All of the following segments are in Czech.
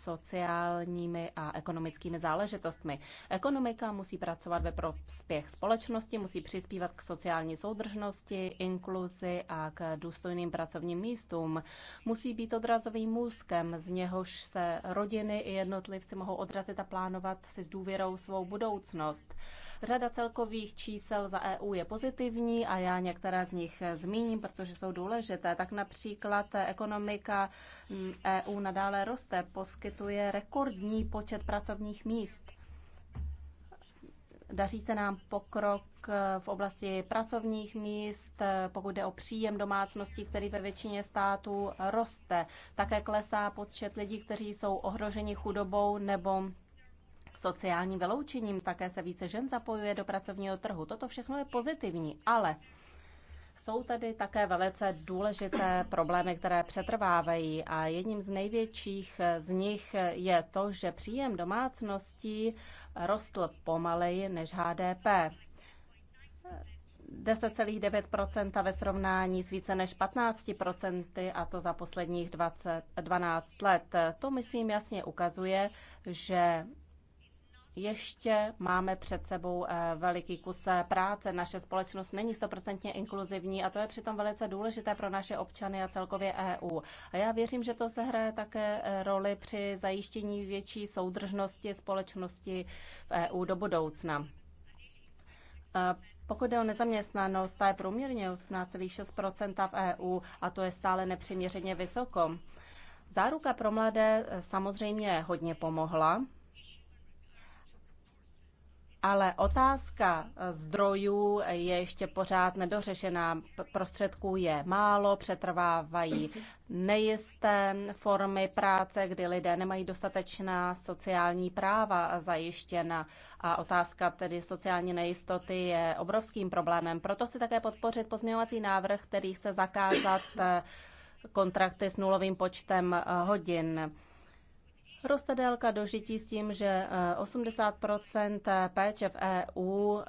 sociálními a ekonomickými záležitostmi. Ekonomika musí pracovat ve prospěch společnosti, musí přispívat k sociální soudržnosti, inkluzi a k důstojným pracovním místům. Musí být odrazovým můstkem, z něhož se rodiny i jednotlivci mohou odrazit a plánovat si s důvěrou svou budoucnost. Řada celkových čísel za EU je pozitivní a já některé z nich eh, zmíním, protože jsou důležité. Tak například eh, ekonomika mm, EU nadále roste, poskytuje rekordní počet pracovních míst. Daří se nám pokrok eh, v oblasti pracovních míst, pokud jde o příjem domácností, který ve většině států roste. Také klesá počet lidí, kteří jsou ohroženi chudobou nebo sociálním vyloučením, také se více žen zapojuje do pracovního trhu. Toto všechno je pozitivní, ale jsou tady také velice důležité problémy, které přetrvávají a jedním z největších z nich je to, že příjem domácností rostl pomaleji než HDP. 10,9 ve srovnání s více než 15 a to za posledních 20, 12 let. To, myslím, jasně ukazuje, že ještě máme před sebou eh, veliký kus eh, práce. Naše společnost není stoprocentně inkluzivní a to je přitom velice důležité pro naše občany a celkově EU. A já věřím, že to se hraje také eh, roli při zajištění větší soudržnosti společnosti v EU do budoucna. Pokud jde o nezaměstnanost, ta je průměrně 18,6 v EU a to je stále nepřiměřeně vysoko. Záruka pro mladé samozřejmě hodně pomohla, ale otázka eh, zdrojů je ještě pořád nedořešená. Prostředků je málo, přetrvávají nejisté formy práce, kdy lidé nemají dostatečná sociální práva zajištěna. A otázka tedy sociální nejistoty je obrovským problémem. Proto chci také podpořit pozměňovací návrh, který chce zakázat eh, kontrakty s nulovým počtem eh, hodin. Roste délka dožití s tím, že 80 eh, eh, péče v EU eh,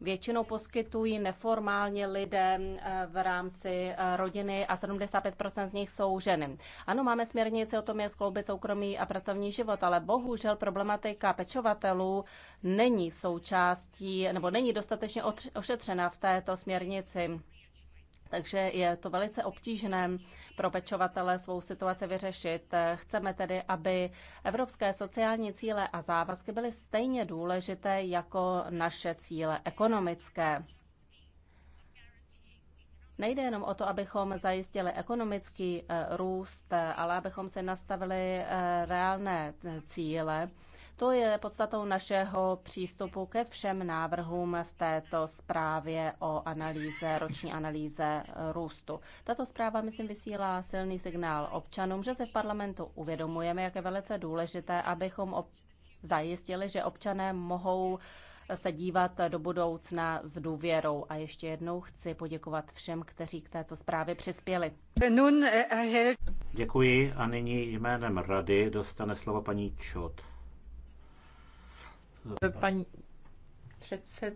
většinou poskytují neformálně lidé v rámci rodiny a 75 z nich jsou ženy. Ano, máme směrnici o tom, jak skloubit soukromý a pracovní život, ale bohužel problematika pečovatelů není součástí nebo není dostatečně ošetřena v této směrnici. Takže je to velice obtížné pro pečovatele svou situaci vyřešit. Chceme tedy, aby evropské sociální cíle a závazky byly stejně důležité jako naše cíle ekonomické. Nejde jenom o to, abychom zajistili ekonomický eh, růst, eh, ale abychom si nastavili eh, reálné cíle to je podstatou našeho přístupu ke všem návrhům v této zprávě o analýze, roční analýze eh, růstu. Tato zpráva, myslím, vysílá silný signál občanům, že se v parlamentu uvědomujeme, jak je velice důležité, abychom ob- zajistili, že občané mohou se dívat do budoucna s důvěrou. A ještě jednou chci poděkovat všem, kteří k této zprávě přispěli. Eh, eh, Děkuji a nyní jménem Rady dostane slovo paní Čot. Paní předsed,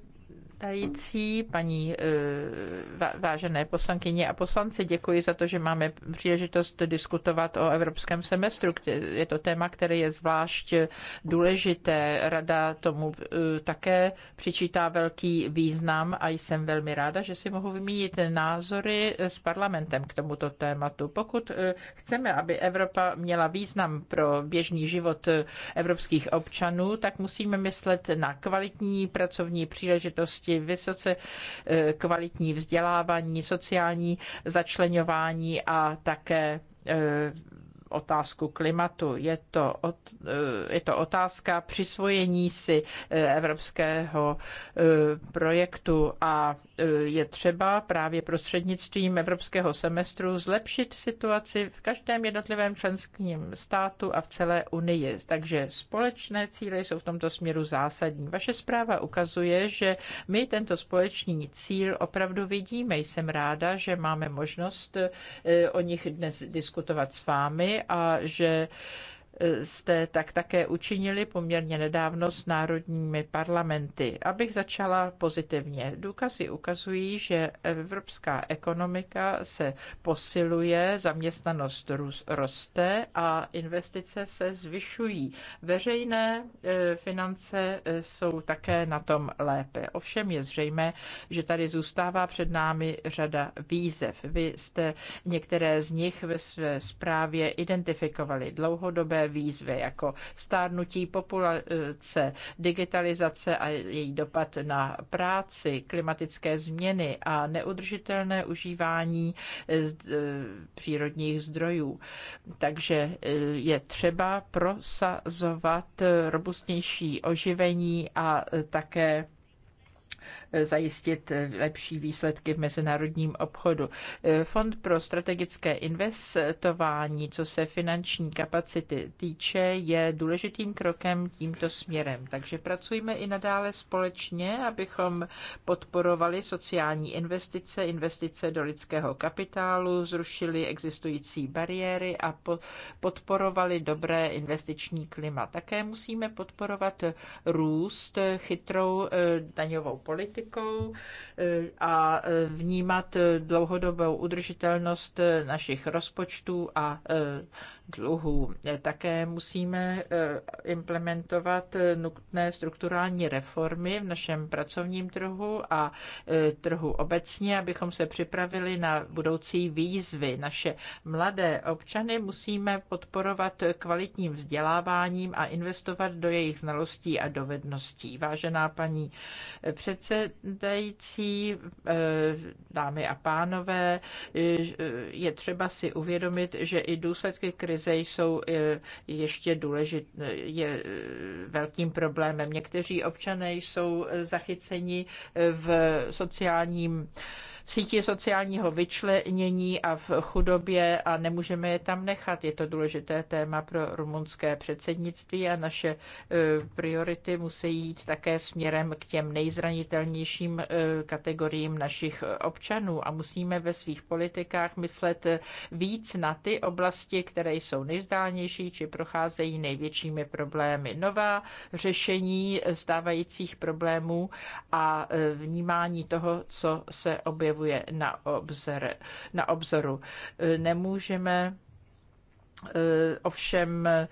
předsedající, paní eh, vážené poslankyně a poslanci, děkuji za to, že máme příležitost diskutovat o evropském semestru. Je to téma, které je zvlášť důležité. Rada tomu eh, také přičítá velký význam a jsem velmi ráda, že si mohu vymínit názory s parlamentem k tomuto tématu. Pokud eh, chceme, aby Evropa měla význam pro běžný život evropských občanů, tak musíme myslet na kvalitní pracovní příležitosti oblasti, vysoce eh, kvalitní vzdělávání, sociální začlenování a také eh, otázku klimatu. Je to, eh, je to otázka přisvojení si eh, evropského eh, projektu a je třeba právě prostřednictvím evropského semestru zlepšit situaci v každém jednotlivém členském státu a v celé Unii. Takže společné cíle jsou v tomto směru zásadní. Vaše zpráva ukazuje, že my tento společný cíl opravdu vidíme. Jsem ráda, že máme možnost o nich dnes diskutovat s vámi a že E, jste tak také učinili poměrně nedávno s národními parlamenty. Abych začala pozitivně. Důkazy ukazují, že evropská ekonomika se posiluje, zaměstnanost roste a investice se zvyšují. Veřejné e, finance e, jsou také na tom lépe. Ovšem je zřejmé, že tady zůstává před námi řada výzev. Vy jste některé z nich ve své zprávě identifikovali. Dlouhodobé výzvy, jako stárnutí populace, digitalizace a její dopad na práci, klimatické změny a neudržitelné užívání eh, eh, přírodních zdrojů. Takže eh, je třeba prosazovat robustnější oživení a také zajistit lepší výsledky v mezinárodním obchodu. Fond pro strategické investování, co se finanční kapacity týče, je důležitým krokem tímto směrem. Takže pracujeme i nadále společně, abychom podporovali sociální investice, investice do lidského kapitálu, zrušili existující bariéry a podporovali dobré investiční klima. Také musíme podporovat růst, chytrou eh, daňovou politiku, politikou eh, a eh, vnímat eh, dlouhodobou udržitelnost našich rozpočtů a dluhů. Také musíme eh, implementovat nutné strukturální reformy v našem pracovním trhu a eh, trhu obecně, abychom se připravili na budoucí výzvy. Naše mladé občany musíme podporovat kvalitním vzděláváním a investovat do jejich znalostí a dovedností. Vážená paní eh, předsedající, dámy a pánové, je třeba si uvědomit, že i důsledky krize krize jsou eh, ještě důležitý eh, je eh, velkým problémem. Někteří občané jsou zachyceni v sociálním síti sociálního vyčlenění a v chudobě a nemůžeme je tam nechat. Je to důležité téma pro rumunské předsednictví a naše e, priority musí jít také směrem k těm nejzranitelnějším e, kategoriím našich občanů a musíme ve svých politikách myslet víc na ty oblasti, které jsou nejzdálnější či procházejí největšími problémy. Nová řešení stávajících problémů a e, vnímání toho, co se objevuje objevuje na, obzor, na obzoru. Nemůžeme Eh, ovšem eh,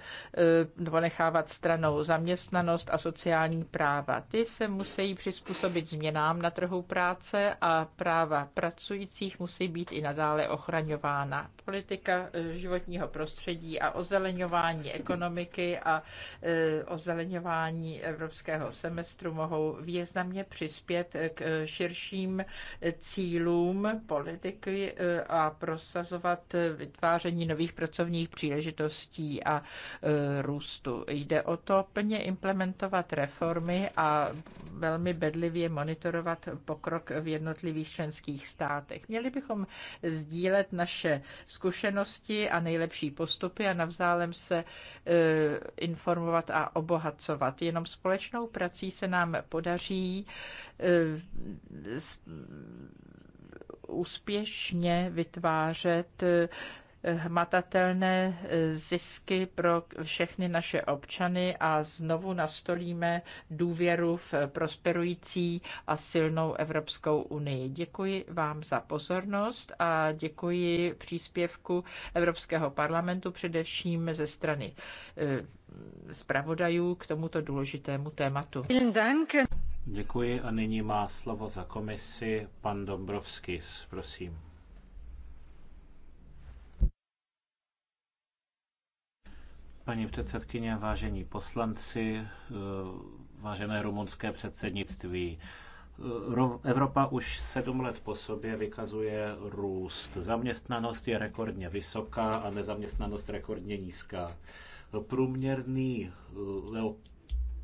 ponechávat stranou zaměstnanost a sociální práva. Ty se musí přizpůsobit změnám na trhu práce a práva pracujících musí být i nadále ochraňována. Politika eh, životního prostředí a ozeleňování ekonomiky a ozeleňování evropského semestru mohou významně přispět k širším cílům politiky a prosazovat vytváření nových pracovních příležitostí příležitostí a e, růstu. Jde o to plně implementovat reformy a velmi bedlivě monitorovat pokrok v jednotlivých členských státech. Měli bychom sdílet naše zkušenosti a nejlepší postupy a navzájem se e, informovat a obohacovat. Jenom společnou prací se nám podaří e, úspěšně vytvářet hmatatelné eh, zisky pro všechny naše občany a znovu nastolíme důvěru v prosperující a silnou Evropskou unii. Děkuji vám za pozornost a děkuji příspěvku Evropského parlamentu především ze strany eh, zpravodajů k tomuto důležitému tématu. Děkuji a nyní má slovo za komisi pan Dombrovskis, prosím. Paní předsedkyně, vážení poslanci, vážené rumunské předsednictví, Evropa už sedm let po sobě vykazuje růst. Zaměstnanost je rekordně vysoká a nezaměstnanost rekordně nízká. Průměrný eh,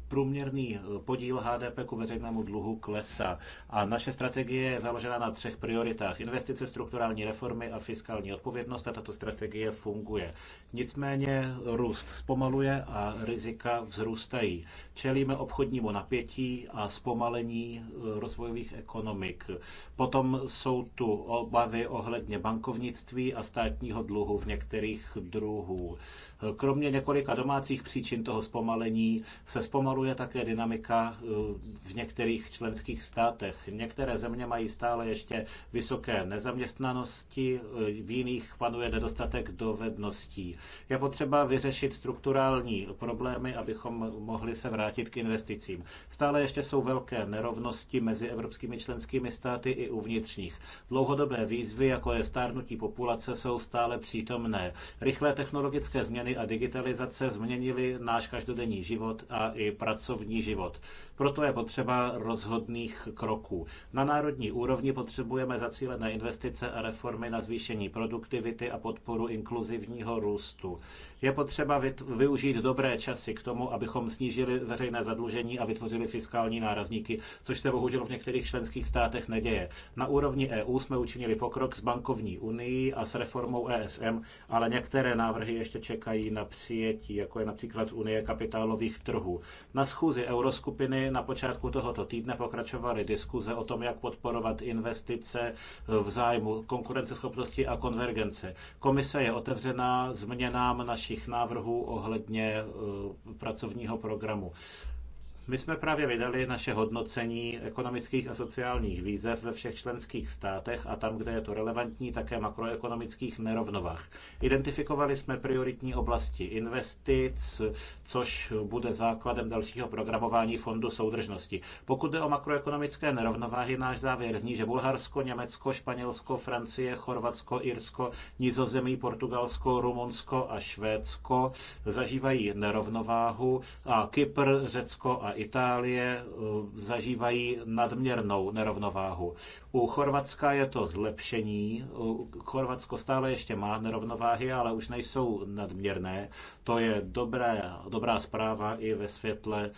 průměrný eh, podíl HDP ku veřejnému dluhu klesá. A naše strategie je založena na třech prioritách. Investice, strukturální reformy a fiskální odpovědnost a tato strategie funguje. Nicméně růst zpomaluje a rizika vzrůstají. Čelíme obchodnímu napětí a zpomalení eh, rozvojových ekonomik. Potom jsou tu obavy ohledně bankovnictví a státního dluhu v některých druhů. Kromě několika domácích příčin toho zpomalení se zpomalují zpomaluje také dynamika eh, v některých členských státech. Některé země mají stále ještě vysoké nezaměstnanosti, eh, v jiných panuje nedostatek dovedností. Je potřeba vyřešit strukturální problémy, abychom mohli se vrátit k investicím. Stále ještě jsou velké nerovnosti mezi evropskými členskými státy i uvnitřních. Dlouhodobé výzvy, jako je stárnutí populace, jsou stále přítomné. Rychlé technologické změny a digitalizace změnily náš každodenní život a i práci pracovní život. Proto je potřeba rozhodných kroků. Na národní úrovni potřebujeme zacílené investice a reformy na zvýšení produktivity a podporu inkluzivního růstu. Je potřeba využít dobré časy k tomu, abychom snížili veřejné zadlužení a vytvořili fiskální nárazníky, což se bohužel v některých členských státech neděje. Na úrovni EU jsme učinili pokrok s bankovní unii a s reformou ESM, ale některé návrhy ještě čekají na přijetí, jako je například Unie kapitálových trhů. Na schůzi euroskupiny na počátku tohoto týdne pokračovaly diskuze o tom, jak podporovat investice v zájmu konkurenceschopnosti a konvergence. Komise je otevřená změnám našich návrhů ohledně eh, pracovního programu. My jsme právě vydali naše hodnocení ekonomických a sociálních výzev ve všech členských státech a tam, kde je to relevantní, také makroekonomických nerovnovách. Identifikovali jsme prioritní oblasti investic, což bude základem dalšího programování Fondu soudržnosti. Pokud jde o makroekonomické nerovnováhy, náš závěr zní, že Bulharsko, Německo, Španělsko, Francie, Chorvatsko, Irsko, Nizozemí, Portugalsko, Rumunsko a Švédsko zažívají nerovnováhu a Kypr, Řecko a Itálie eh, zažívají nadměrnou nerovnováhu. U Chorvatska je to zlepšení. Eh, Chorvatsko stále ještě má nerovnováhy, ale už nejsou nadměrné. To je dobré, dobrá zpráva i ve světle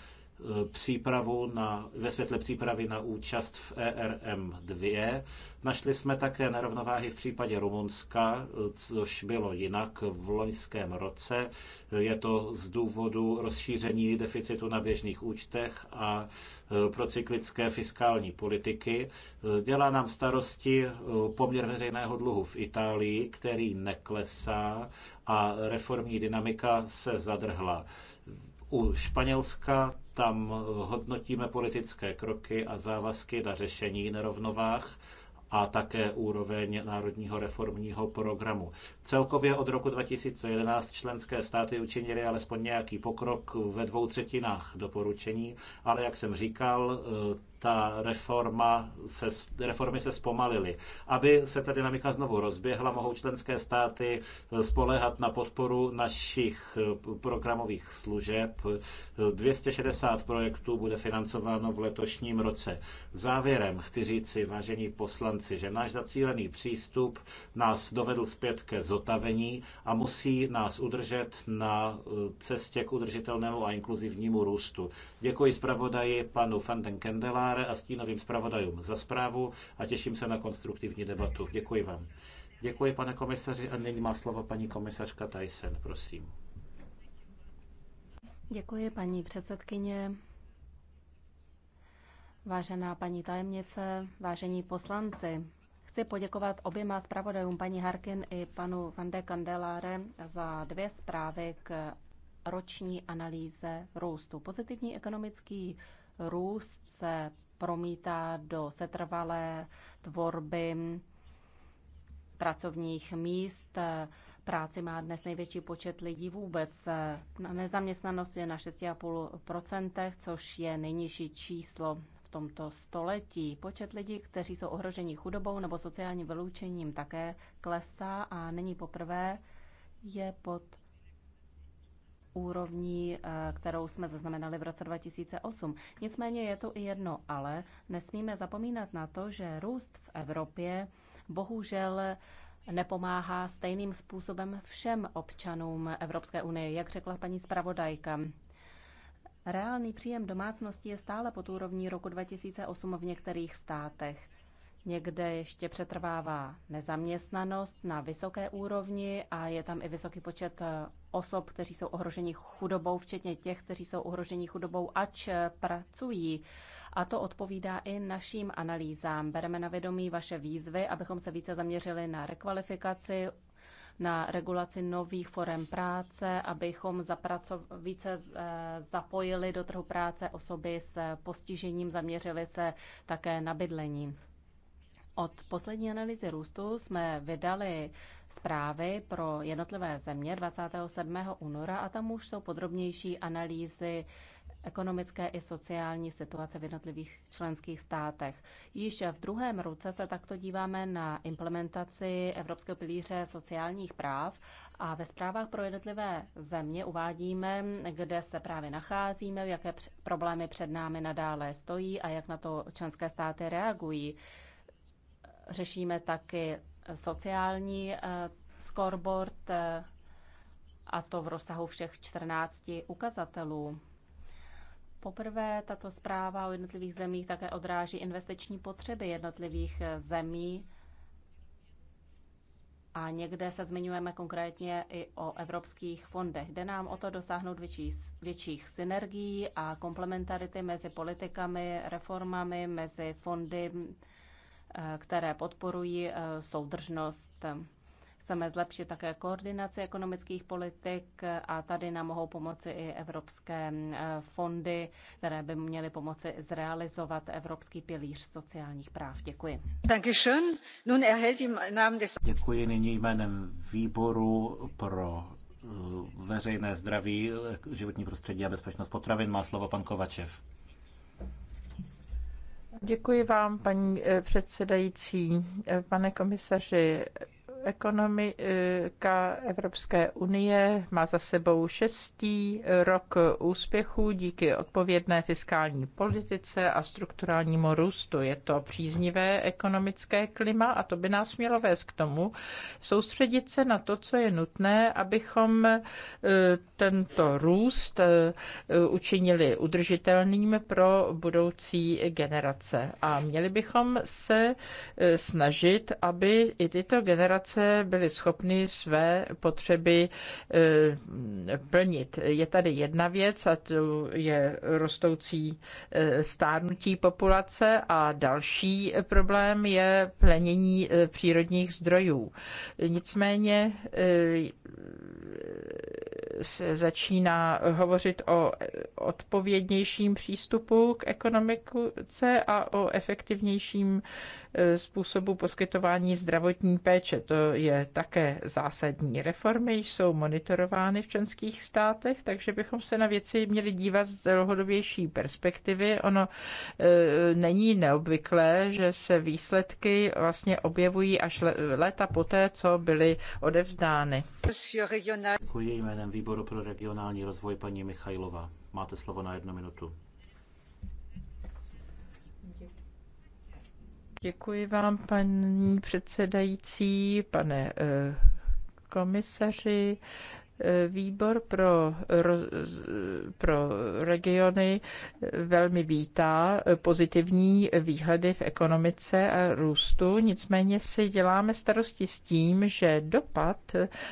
přípravu na, ve světle přípravy na účast v ERM 2. Našli jsme také nerovnováhy v případě Rumunska, což bylo jinak v loňském roce. Je to z důvodu rozšíření deficitu na běžných účtech a e, procyklické fiskální politiky. Dělá nám starosti e, poměr veřejného dluhu v Itálii, který neklesá a reformní dynamika se zadrhla. U Španělska tam eh, hodnotíme politické kroky a závazky na řešení nerovnovách a také úroveň Národního reformního programu. Celkově od roku 2011 členské státy učinily alespoň nějaký pokrok ve dvou třetinách doporučení, ale jak jsem říkal, eh, ta reforma se, reformy se zpomalily. Aby se ta dynamika znovu rozběhla, mohou členské státy eh, spolehat na podporu našich eh, programových služeb. 260 eh, projektů bude financováno v letošním roce. Závěrem chci říci, vážení poslanci, že náš zacílený přístup nás dovedl zpět ke zotavení a musí nás udržet na cestě k udržitelnému a inkluzivnímu růstu. Děkuji zpravodaji panu Fandenkendela Mlináre a stínovým zpravodajům za zprávu a těším se na konstruktivní debatu. Děkuji vám. Děkuji, pane komisaři, a nyní má slovo paní komisařka Tyson, prosím. Děkuji, paní předsedkyně. Vážená paní tajemnice, vážení poslanci, chci poděkovat oběma zpravodajům, paní Harkin i panu Van de Candelare, za dvě zprávy k roční analýze růstu. Pozitivní ekonomický růst se promítá do setrvalé tvorby pracovních míst. Práci má dnes největší počet lidí vůbec. Nezaměstnanost je na 6,5%, což je nejnižší číslo v tomto století. Počet lidí, kteří jsou ohroženi chudobou nebo sociálním vyloučením, také klesá a není poprvé je pod úrovní, eh, kterou jsme zaznamenali v roce 2008. Nicméně je to i jedno ale. Nesmíme zapomínat na to, že růst v Evropě bohužel nepomáhá stejným způsobem všem občanům Evropské unie, jak řekla paní zpravodajka. Reálný příjem domácností je stále pod úrovní roku 2008 v některých státech. Někde ještě přetrvává nezaměstnanost na vysoké úrovni a je tam i vysoký počet eh, osob, kteří jsou ohroženi chudobou, včetně těch, kteří jsou ohroženi chudobou, ač eh, pracují. A to odpovídá i našim analýzám. Bereme na vědomí vaše výzvy, abychom se více zaměřili na rekvalifikaci, na regulaci nových forem práce, abychom zapraco- více eh, zapojili do trhu práce osoby s postižením, zaměřili se také na bydlení. Od poslední analýzy růstu jsme vydali zprávy pro jednotlivé země 27. února a tam už jsou podrobnější analýzy ekonomické i sociální situace v jednotlivých členských státech. Již v druhém ruce se takto díváme na implementaci Evropského pilíře sociálních práv a ve zprávách pro jednotlivé země uvádíme, kde se právě nacházíme, jaké problémy před námi nadále stojí a jak na to členské státy reagují řešíme taky sociální eh, scoreboard eh, a to v rozsahu všech 14 ukazatelů. Poprvé tato zpráva o jednotlivých zemích také odráží investiční potřeby jednotlivých eh, zemí a někde se zmiňujeme konkrétně i o evropských fondech. Jde nám o to dosáhnout větší, větších synergií a komplementarity mezi politikami, reformami, mezi fondy které podporují eh, soudržnost. Chceme zlepšit také koordinaci ekonomických politik eh, a tady nám mohou pomoci i evropské eh, fondy, které by měly pomoci zrealizovat Evropský pilíř sociálních práv. Děkuji. Děkuji nyní jménem výboru pro veřejné zdraví, životní prostředí a bezpečnost potravin. Má slovo pan Kovačev. Děkuji vám, paní eh, předsedající, eh, pane komisaři. Ekonomika Evropské unie má za sebou šestý rok úspěchů díky odpovědné fiskální politice a strukturálnímu růstu. Je to příznivé ekonomické klima a to by nás mělo vést k tomu soustředit se na to, co je nutné, abychom e, tento růst e, učinili udržitelným pro budoucí generace. A měli bychom se e, snažit, aby i tyto generace generace byly schopny své potřeby eh, plnit. Je tady jedna věc a to je rostoucí eh, stárnutí populace a další problém je plenění eh, přírodních zdrojů. Nicméně se začíná hovořit o odpovědnějším přístupu k ekonomice a o efektivnějším e, způsobu poskytování zdravotní péče. To je také zásadní. Reformy jsou monitorovány v členských státech, takže bychom se na věci měli dívat z dlouhodobější perspektivy. Ono e, není neobvyklé, že se výsledky vlastně objevují až léta poté, co byly odevzdány. Děkuji jménem výboru pro regionální rozvoj paní Michajlova. Máte slovo na jednu minutu. Děkuji vám, paní předsedající, pane eh, komisaři. Výbor pro, pro regiony velmi vítá pozitivní výhledy v ekonomice a růstu, nicméně si děláme starosti s tím, že dopad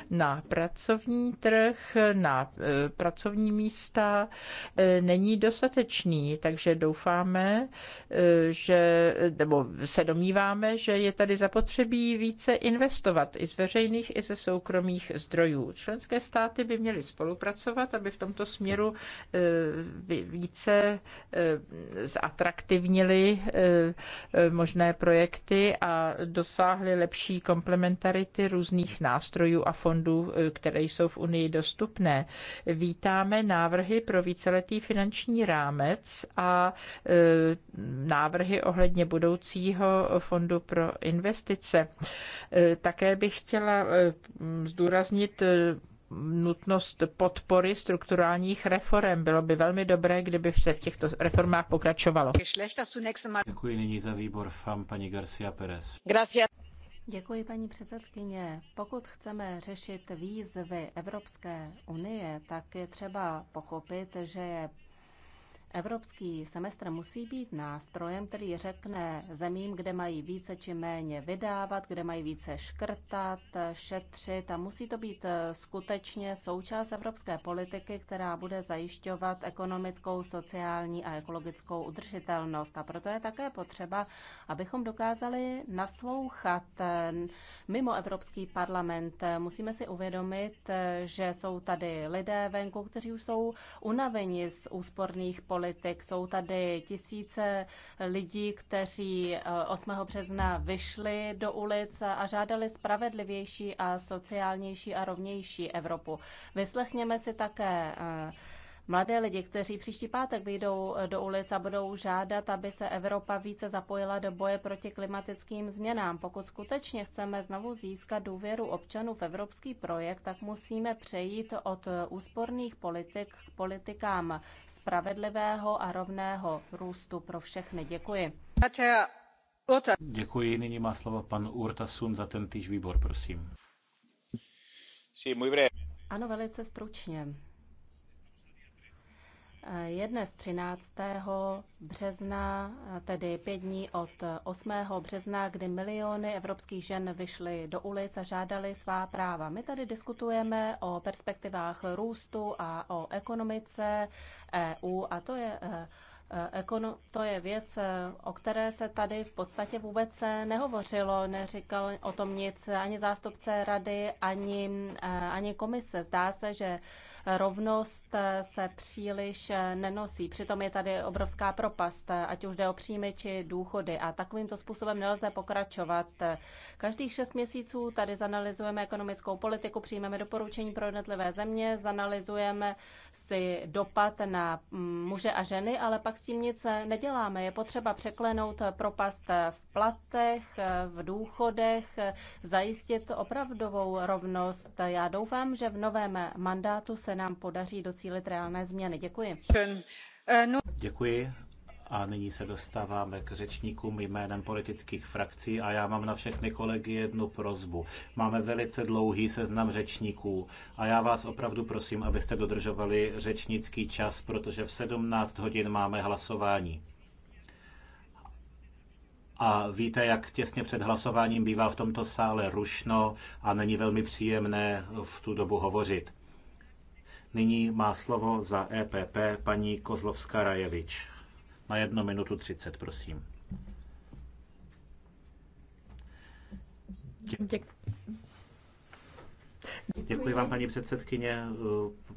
na pracovní trh, na e, pracovní místa e, není dostatečný, takže doufáme, e, že, nebo se domníváme, že je tady zapotřebí více investovat i z veřejných, i ze soukromých zdrojů. Členské státy státy by měly spolupracovat, aby v tomto směru e, více e, zatraktivnili e, možné projekty a dosáhli lepší komplementarity různých nástrojů a fondů, které jsou v Unii dostupné. Vítáme návrhy pro víceletý finanční rámec a návrhy ohledně budoucího fondu pro investice. Také bych chtěla zdůraznit nutnost podpory strukturálních reform. Bylo by velmi dobré, kdyby se v těchto reformách pokračovalo. Děkuji nyní za výbor FAM paní Garcia Perez. Gracias. Děkuji, paní předsedkyně. Pokud chceme řešit výzvy Evropské unie, tak je třeba pochopit, že je Evropský semestr musí být nástrojem, který řekne zemím, kde mají více či méně vydávat, kde mají více škrtat, šetřit a musí to být eh, skutečně součást evropské politiky, která bude zajišťovat ekonomickou, sociální a ekologickou udržitelnost. A proto je také potřeba, abychom dokázali naslouchat eh, mimo Evropský parlament. Musíme si uvědomit, eh, že jsou tady lidé venku, kteří už jsou unaveni z úsporných politik politik. Jsou tady tisíce lidí, kteří 8. Eh, března vyšli do ulic a žádali spravedlivější a sociálnější a rovnější Evropu. Vyslechněme si také eh, mladé lidi, kteří příští pátek vyjdou eh, do ulic a budou žádat, aby se Evropa více zapojila do boje proti klimatickým změnám. Pokud skutečně chceme znovu získat důvěru občanů v evropský projekt, tak musíme přejít od úsporných politik k politikám spravedlivého a rovného růstu pro všechny. Děkuji. Děkuji. Nyní má slovo pan Sun za ten týž výbor, prosím. Ano, velice stručně. Je dnes 13. března, tedy pět dní od 8. března, kdy miliony evropských žen vyšly do ulic a žádali svá práva. My tady diskutujeme o perspektivách růstu a o ekonomice EU a to je eh, eh, Ekono, to je věc, o které se tady v podstatě vůbec nehovořilo, neříkal o tom nic ani zástupce rady, ani, eh, ani komise. Zdá se, že rovnost eh, se příliš eh, nenosí. Přitom je tady obrovská propast, eh, ať už jde o příjmy či důchody. A takovýmto způsobem nelze pokračovat. Každých šest měsíců tady zanalizujeme ekonomickou politiku, přijmeme doporučení pro jednotlivé země, zanalizujeme si dopad na mm, muže a ženy, ale pak s tím nic neděláme. Je potřeba překlenout propast v platech, v důchodech, zajistit opravdovou rovnost. Já doufám, že v novém mandátu se nám podaří docílit reálné změny. Děkuji. Děkuji. A nyní se dostáváme k řečníkům jménem politických frakcí a já mám na všechny kolegy jednu prozbu. Máme velice dlouhý seznam řečníků a já vás opravdu prosím, abyste dodržovali řečnický čas, protože v 17 hodin máme hlasování. A víte, jak těsně před hlasováním bývá v tomto sále rušno a není velmi příjemné v tu dobu hovořit. Nyní má slovo za EPP paní Kozlovská Rajevič. Na jednu minutu třicet, prosím. Děkuji. Děkuji vám, paní předsedkyně,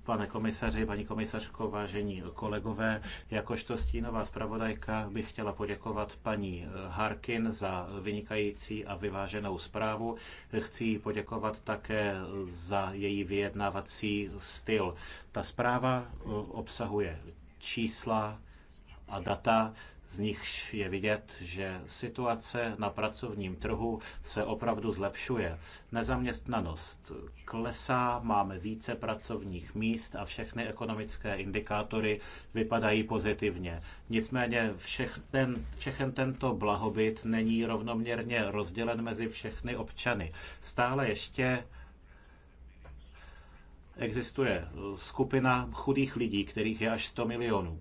pane komisaři, paní komisařko, vážení kolegové. Jakožto stínová zpravodajka bych chtěla poděkovat paní Harkin za vynikající a vyváženou zprávu. Chci jí poděkovat také za její vyjednávací styl. Ta zpráva obsahuje čísla, a data, z nich je vidět, že situace na pracovním trhu se opravdu zlepšuje. Nezaměstnanost klesá, máme více pracovních míst a všechny ekonomické indikátory vypadají pozitivně. Nicméně všech ten, všechen tento blahobyt není rovnoměrně rozdělen mezi všechny občany. Stále ještě existuje skupina chudých lidí, kterých je až 100 milionů.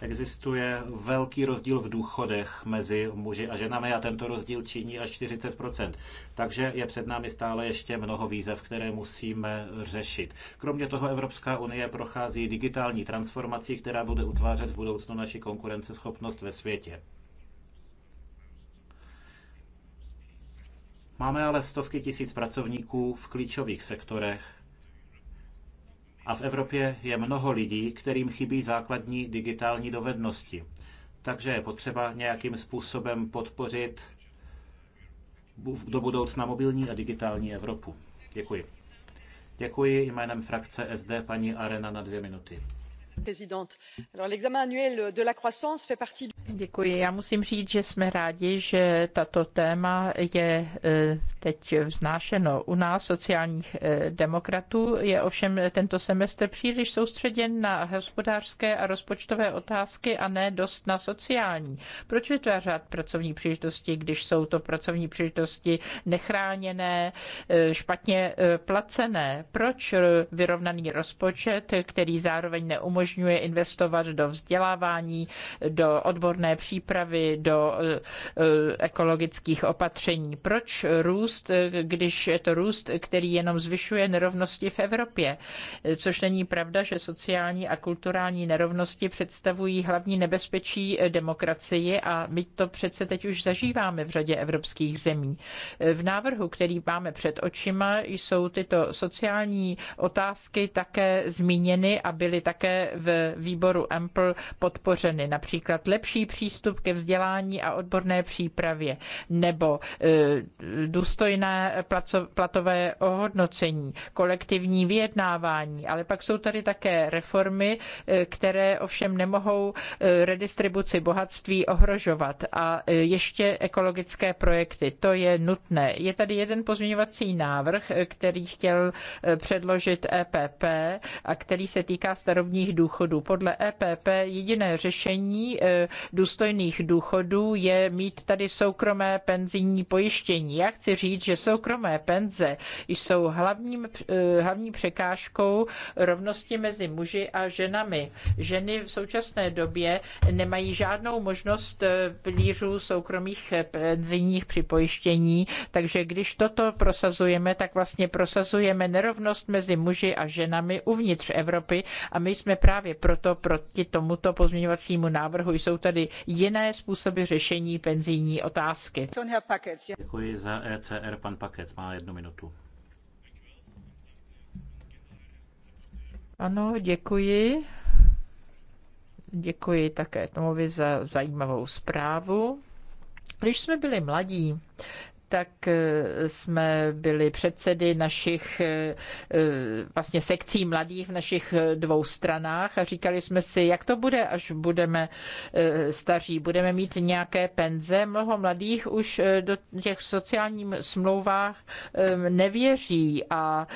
Existuje velký rozdíl v důchodech mezi muži a ženami a tento rozdíl činí až 40 Takže je před námi stále ještě mnoho výzev, které musíme řešit. Kromě toho Evropská unie prochází digitální transformací, která bude utvářet v budoucnu naši konkurenceschopnost ve světě. Máme ale stovky tisíc pracovníků v klíčových sektorech, a v Evropě je mnoho lidí, kterým chybí základní digitální dovednosti. Takže je potřeba nějakým způsobem podpořit do budoucna mobilní a digitální Evropu. Děkuji. Děkuji jménem frakce SD paní Arena na dvě minuty. Děkuji. Já musím říct, že jsme rádi, že tato téma je eh, teď vznášeno u nás, sociálních eh, demokratů. Je ovšem tento semestr příliš soustředěn na hospodářské a rozpočtové otázky a ne dost na sociální. Proč vytvářet pracovní příležitosti, když jsou to pracovní příležitosti nechráněné, eh, špatně placené? Proč vyrovnaný rozpočet, který zároveň neumožňuje umožňuje investovat do vzdělávání, do odborné přípravy, do eh, ekologických opatření. Proč růst, když je to růst, který jenom zvyšuje nerovnosti v Evropě? Což není pravda, že sociální a kulturální nerovnosti představují hlavní nebezpečí demokracii a my to přece teď už zažíváme v řadě evropských zemí. V návrhu, který máme před očima, jsou tyto sociální otázky také zmíněny a byly také v výboru EMPL podpořeny, například lepší přístup ke vzdělání a odborné přípravě nebo e, důstojné platové ohodnocení, kolektivní vyjednávání, ale pak jsou tady také reformy, e, které ovšem nemohou e, redistribuci bohatství ohrožovat a ještě ekologické projekty. To je nutné. Je tady jeden pozměňovací návrh, který chtěl předložit EPP a který se týká starobních důchodů důchodu Podle EPP jediné řešení e, důstojných důchodů je mít tady soukromé penzijní pojištění. Já chci říct, že soukromé penze jsou hlavním, e, hlavní překážkou rovnosti mezi muži a ženami. Ženy v současné době nemají žádnou možnost e, pilířů soukromých penzijních připojištění, takže když toto prosazujeme, tak vlastně prosazujeme nerovnost mezi muži a ženami uvnitř Evropy a my jsme právě právě proto proti tomuto pozměňovacímu návrhu jsou tady jiné způsoby řešení penzijní otázky. Děkuji za ECR. Pan Paket má jednu minutu. Ano, děkuji. Děkuji také Tomovi za zajímavou zprávu. Když jsme byli mladí, tak eh, jsme byli předsedy našich eh, eh, vlastně sekcí mladých v našich dvou stranách a říkali jsme si, jak to bude, až budeme staří, budeme mít nějaké penze. Mnoho mladých už do těch sociálních smlouvách nevěří a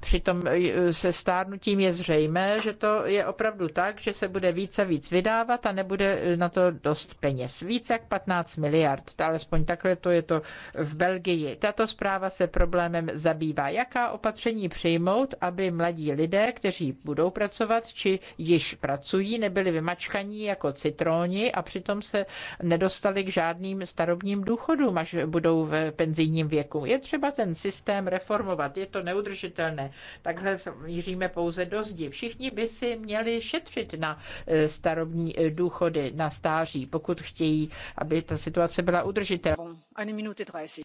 přitom se stárnutím je zřejmé, že to je opravdu tak, že se bude více a víc vydávat a nebude na to dost peněz. Více jak 15 miliard, alespoň takhle to je to v Belgii. Tato zpráva se problémem zabývá. Jaká opatření přijmout, aby mladí lidé, kteří budou pracovat či již pracují, nebyli vymačkaní jako citróni a přitom se nedostali k žádným starobním důchodům, až budou v penzijním věku. Je třeba ten systém reformovat, je to neudržitelné. Takhle míříme pouze do zdi. Všichni by si měli šetřit na e, starobní e, důchody, na stáří, pokud chtějí, aby ta situace byla udržitelná.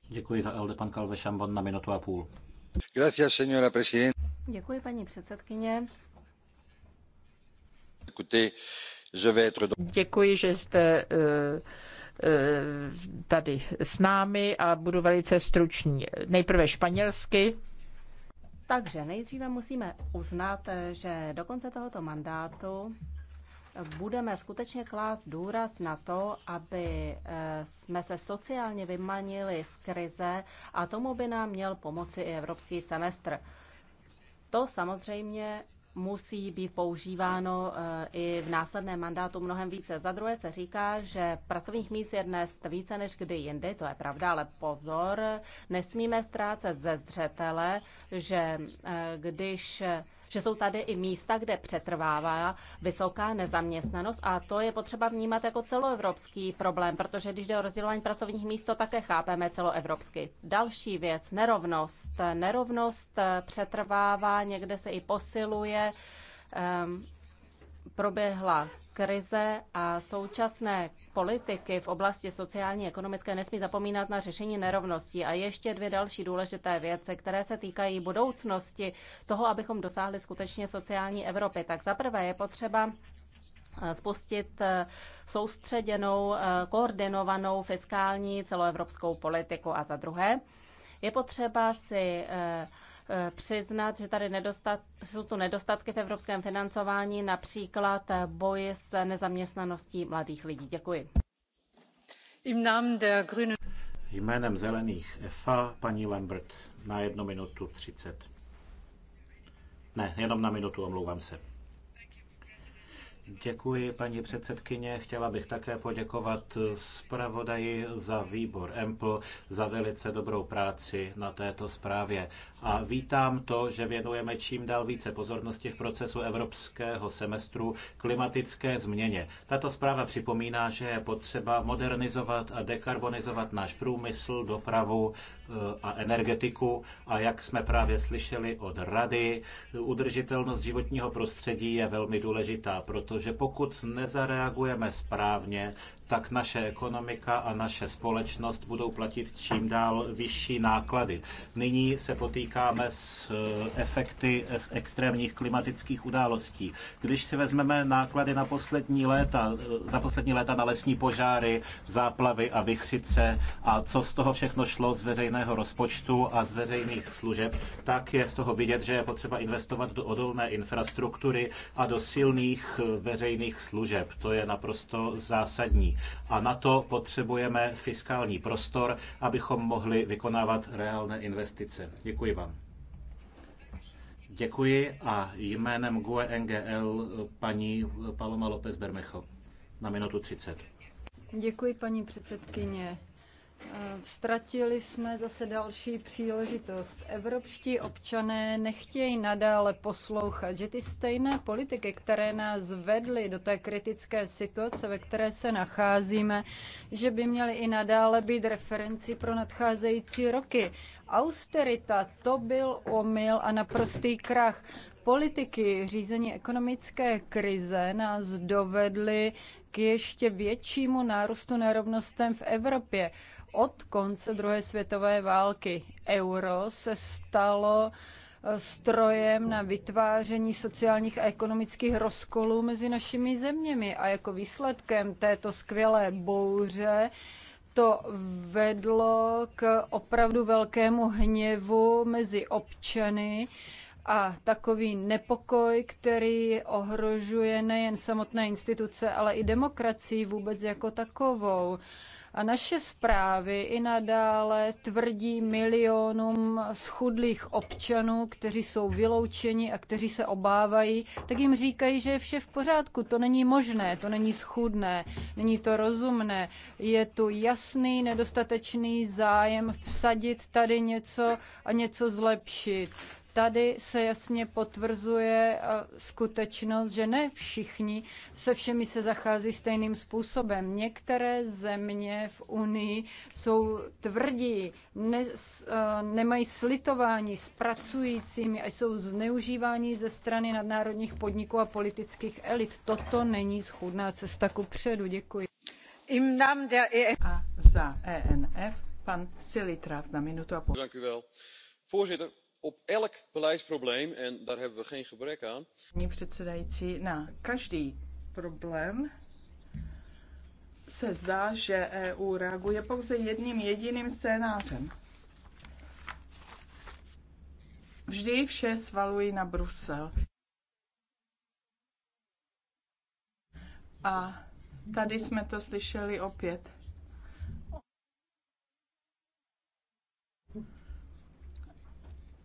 Děkuji za Elde, pan Kalve Šambon, na minutu a půl. Děkuji, paní předsedkyně. Děkuji, že jste eh, eh, tady s námi a budu velice stručný. Nejprve španělsky. Takže nejdříve musíme uznat, eh, že do konce tohoto mandátu budeme skutečně klást důraz na to, aby eh, jsme se sociálně vymanili z krize a tomu by nám měl pomoci i evropský semestr. To samozřejmě musí být používáno eh, i v následném mandátu mnohem více. Za druhé se říká, že pracovních míst je dnes více než kdy jindy, to je pravda, ale pozor, nesmíme ztrácet ze zřetele, že eh, když že jsou tady i místa, kde přetrvává vysoká nezaměstnanost a to je potřeba vnímat jako celoevropský problém, protože když jde o rozdělování pracovních míst, to také chápeme celoevropsky. Další věc, nerovnost. Nerovnost eh, přetrvává, někde se i posiluje. Um, proběhla krize a současné politiky v oblasti sociální ekonomické nesmí zapomínat na řešení nerovností. A ještě dvě další důležité věci, které se týkají budoucnosti toho, abychom dosáhli skutečně sociální Evropy. Tak zaprvé je potřeba eh, spustit eh, soustředěnou, eh, koordinovanou fiskální celoevropskou politiku. A za druhé, je potřeba si přiznat, že tady nedostat, jsou tu nedostatky v evropském financování, například boje s nezaměstnaností mladých lidí. Děkuji. Jménem zelených EFA paní Lambert na jednu minutu třicet. Ne, jenom na minutu, omlouvám se. Děkuji, paní předsedkyně. Chtěla bych také poděkovat zpravodaji za výbor EMPL za velice dobrou práci na této zprávě. A vítám to, že věnujeme čím dál více pozornosti v procesu evropského semestru klimatické změně. Tato zpráva připomíná, že je potřeba modernizovat a dekarbonizovat náš průmysl, dopravu e, a energetiku. A jak jsme právě slyšeli od Rady, udržitelnost životního prostředí je velmi důležitá, Proto že pokud nezareagujeme správně, tak naše ekonomika a naše společnost budou platit čím dál vyšší náklady. Nyní se potýkáme s eh, efekty eh, extrémních klimatických událostí. Když si vezmeme náklady na poslední léta, eh, za poslední léta na lesní požáry, záplavy a vychřice a co z toho všechno šlo z veřejného rozpočtu a z veřejných služeb, tak je z toho vidět, že je potřeba investovat do odolné infrastruktury a do silných veřejných služeb. To je naprosto zásadní. A na to potřebujeme fiskální prostor, abychom mohli vykonávat reálné investice. Děkuji vám. Děkuji a jménem GUE NGL paní Paloma López Bermecho na minutu 30. Děkuji, paní předsedkyně. Eh, ztratili jsme zase další příležitost. Evropští občané nechtějí nadále poslouchat, že ty stejné politiky, které nás vedly do té kritické situace, ve které se nacházíme, že by měly i nadále být referenci pro nadcházející roky. Austerita, to byl omyl a naprostý krach politiky řízení ekonomické krize nás dovedly k ještě většímu nárůstu nerovnostem v Evropě. Od konce druhé světové války euro se stalo eh, strojem na vytváření sociálních a ekonomických rozkolů mezi našimi zeměmi. A jako výsledkem této skvělé bouře to vedlo k opravdu velkému hněvu mezi občany, a takový nepokoj, který ohrožuje nejen samotné instituce, ale i demokracii vůbec jako takovou. A naše zprávy i nadále tvrdí milionům schudlých občanů, kteří jsou vyloučeni a kteří se obávají, tak jim říkají, že je vše v pořádku. To není možné, to není schudné, není to rozumné. Je tu jasný, nedostatečný zájem vsadit tady něco a něco zlepšit. Tady se jasně potvrzuje eh, skutečnost, že ne všichni se všemi se zachází stejným způsobem. Některé země v Unii jsou tvrdí, ne, eh, nemají slitování s pracujícími a jsou zneužíváni ze strany nadnárodních podniků a politických elit. Toto není schůdná cesta ku předu. Děkuji. E a za ENF pan Silitras na minutu a půl. Děkuji. Paní předsedající, na každý problém se zdá, že EU reaguje pouze jedním jediným scénářem. Vždy vše svalují na Brusel. A tady jsme to slyšeli opět.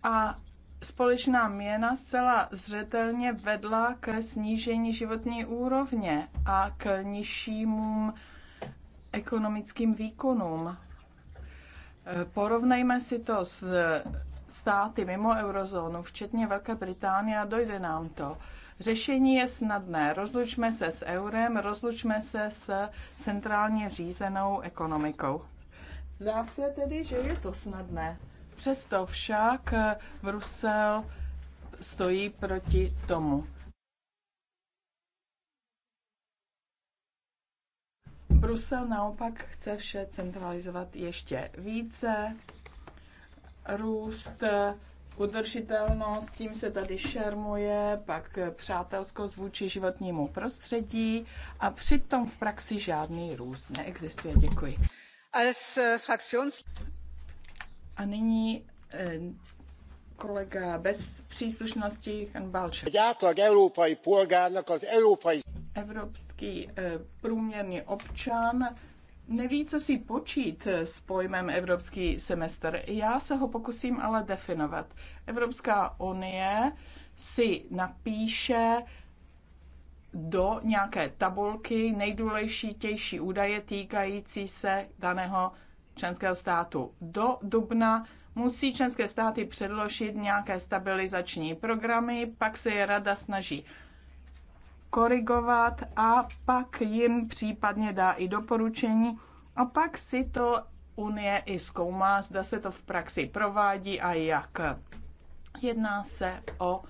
a společná měna zcela zřetelně vedla k snížení životní úrovně a k nižším ekonomickým výkonům. Porovnejme si to s státy mimo eurozónu, včetně Velké Británie, a dojde nám to. Řešení je snadné. Rozlučme se s eurem, rozlučme se s centrálně řízenou ekonomikou. Zdá se tedy, že je to snadné. Přesto však eh, Brusel stojí proti tomu. Brusel naopak chce vše centralizovat ještě více. Růst, eh, udržitelnost, tím se tady šermuje, pak eh, přátelskost vůči životnímu prostředí a přitom v praxi žádný růst neexistuje. Děkuji. Als, uh, fraktions... A nyní eh, kolega bez příslušnosti, pan Balče. Átlag európai polgárnak az európai... Evropský eh, průměrný občan neví, co si počít eh, s pojmem evropský semestr. Já se ho pokusím ale definovat. Evropská unie si napíše do nějaké tabulky nejdůležitější údaje týkající se daného členského státu do dubna musí členské státy předložit nějaké stabilizační programy, pak se je rada snaží korigovat a pak jim případně dá i doporučení a pak si to Unie i zkoumá, zda se to v praxi provádí a jak. Jedná se o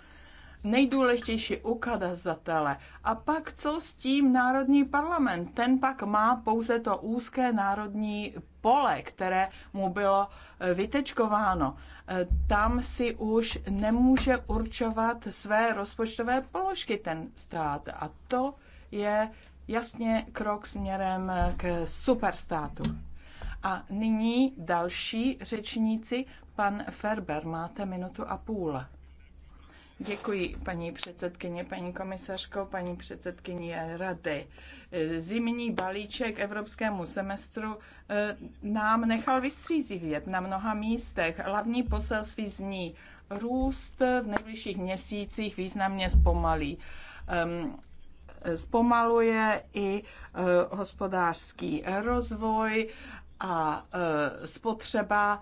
nejdůležitější ukazatele. A pak co s tím národní parlament? Ten pak má pouze to úzké národní pole, které mu bylo e, vytečkováno. E, tam si už nemůže určovat své rozpočtové položky ten stát. A to je jasně krok směrem e, k superstátu. A nyní další řečníci, pan Ferber, máte minutu a půl. Děkuji, paní předsedkyně, paní komisařko, paní předsedkyně rady. Zimní balíček evropskému semestru eh, nám nechal vystřízivět na mnoha místech. Hlavní poselství zní, růst v nejbližších měsících významně zpomalí. Ehm, zpomaluje i eh, hospodářský rozvoj a eh, spotřeba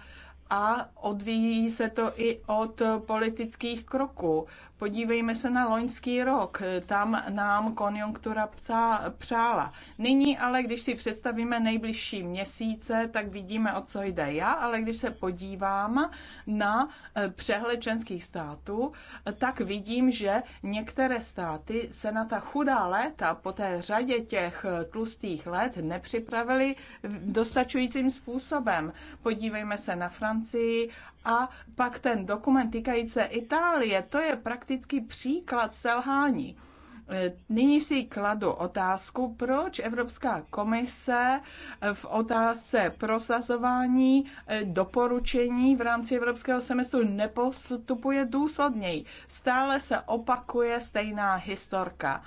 a odvíjí se to i od politických kroků. Podívejme se na loňský rok, tam nám konjunktura psa přála. Nyní ale, když si představíme nejbližší měsíce, tak vidíme, o co jde já, ale když se podívám na eh, přehled členských států, tak vidím, že některé státy se na ta chudá léta po té řadě těch eh, tlustých let nepřipravili dostačujícím způsobem. Podívejme se na Francii a pak ten dokument týkající se Itálie, to je prakticky příklad selhání. E, nyní si kladu otázku, proč Evropská komise e, v otázce prosazování e, doporučení v rámci Evropského semestru nepostupuje důsledněji. Stále se opakuje stejná historka.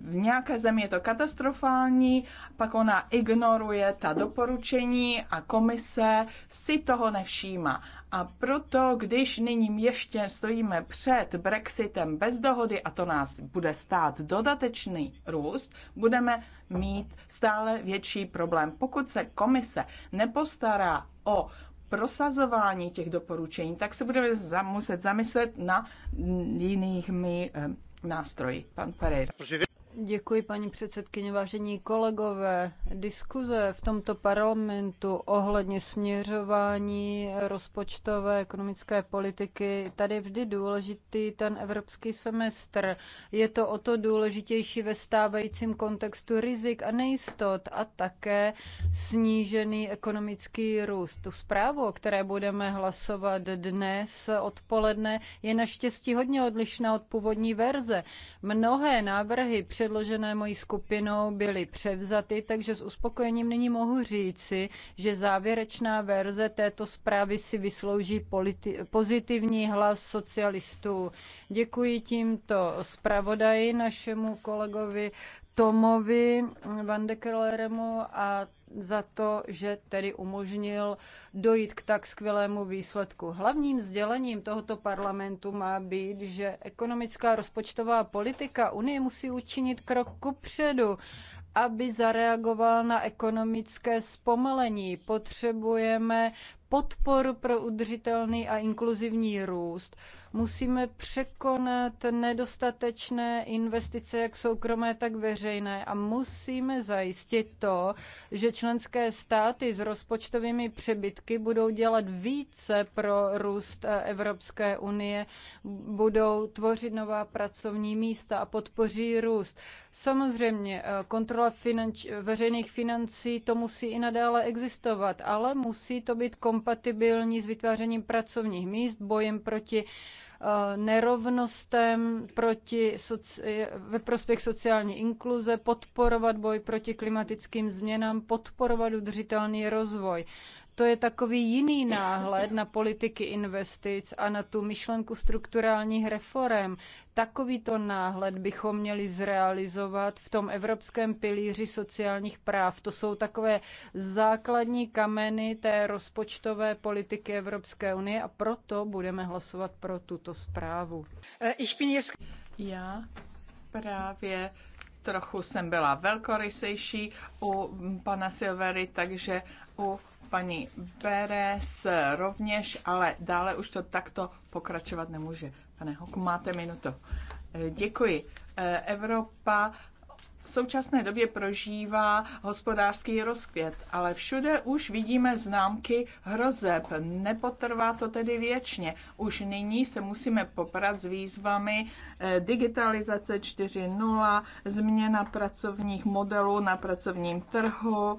V nějaké zemi je to katastrofální, pak ona ignoruje ta doporučení a komise si toho nevšíma. A proto, když nyní ještě stojíme před Brexitem bez dohody a to nás bude stát dodatečný růst, budeme mít stále větší problém. Pokud se komise nepostará o prosazování těch doporučení, tak se budeme muset zamyslet na jinými eh, nástroji. Pan Pereira. Děkuji, paní předsedkyně. Vážení kolegové, diskuze v tomto parlamentu ohledně směřování rozpočtové ekonomické politiky, tady je vždy důležitý ten evropský semestr. Je to o to důležitější ve stávajícím kontextu rizik a nejistot a také snížený ekonomický růst. Tu zprávu, o které budeme hlasovat dnes odpoledne, je naštěstí hodně odlišná od původní verze. Mnohé návrhy před předložené mojí skupinou byly převzaty, takže s uspokojením nyní mohu říci, že závěrečná verze této zprávy si vyslouží pozitivní hlas socialistů. Děkuji tímto zpravodaji, našemu kolegovi Tomovi Vandekeleremu a za to, že tedy umožnil dojít k tak skvělému výsledku. Hlavním sdělením tohoto parlamentu má být, že ekonomická rozpočtová politika Unie musí učinit krok kupředu aby zareagoval na ekonomické zpomalení. Potřebujeme podporu pro udržitelný a inkluzivní růst. Musíme překonat nedostatečné investice, jak soukromé, tak veřejné a musíme zajistit to, že členské státy s rozpočtovými přebytky budou dělat více pro růst Evropské unie, budou tvořit nová pracovní místa a podpoří růst. Samozřejmě eh, kontrola finanč, veřejných financí to musí i nadále existovat, ale musí to být kompatibilní s vytvářením pracovních míst, bojem proti uh, Eh, nerovnostem, proti ve prospěch sociální inkluze, podporovat boj proti klimatickým změnám, podporovat udržitelný rozvoj. To je takový jiný náhled na politiky investic a na tu myšlenku strukturálních reform. Takovýto náhled bychom měli zrealizovat v tom evropském pilíři sociálních práv. To jsou takové základní kameny té rozpočtové politiky Evropské unie a proto budeme hlasovat pro tuto zprávu. Já právě trochu jsem byla velkorysejší u pana Silvery, takže u paní Beres rovněž, ale dále už to takto pokračovat nemůže. Pane Hoku, máte minutu. Eh, děkuji. Eh, Evropa v současné době prožívá hospodářský rozkvět, ale všude už vidíme známky hrozeb. Nepotrvá to tedy věčně. Už nyní se musíme poprat s výzvami eh, digitalizace 4.0, změna pracovních modelů na pracovním trhu,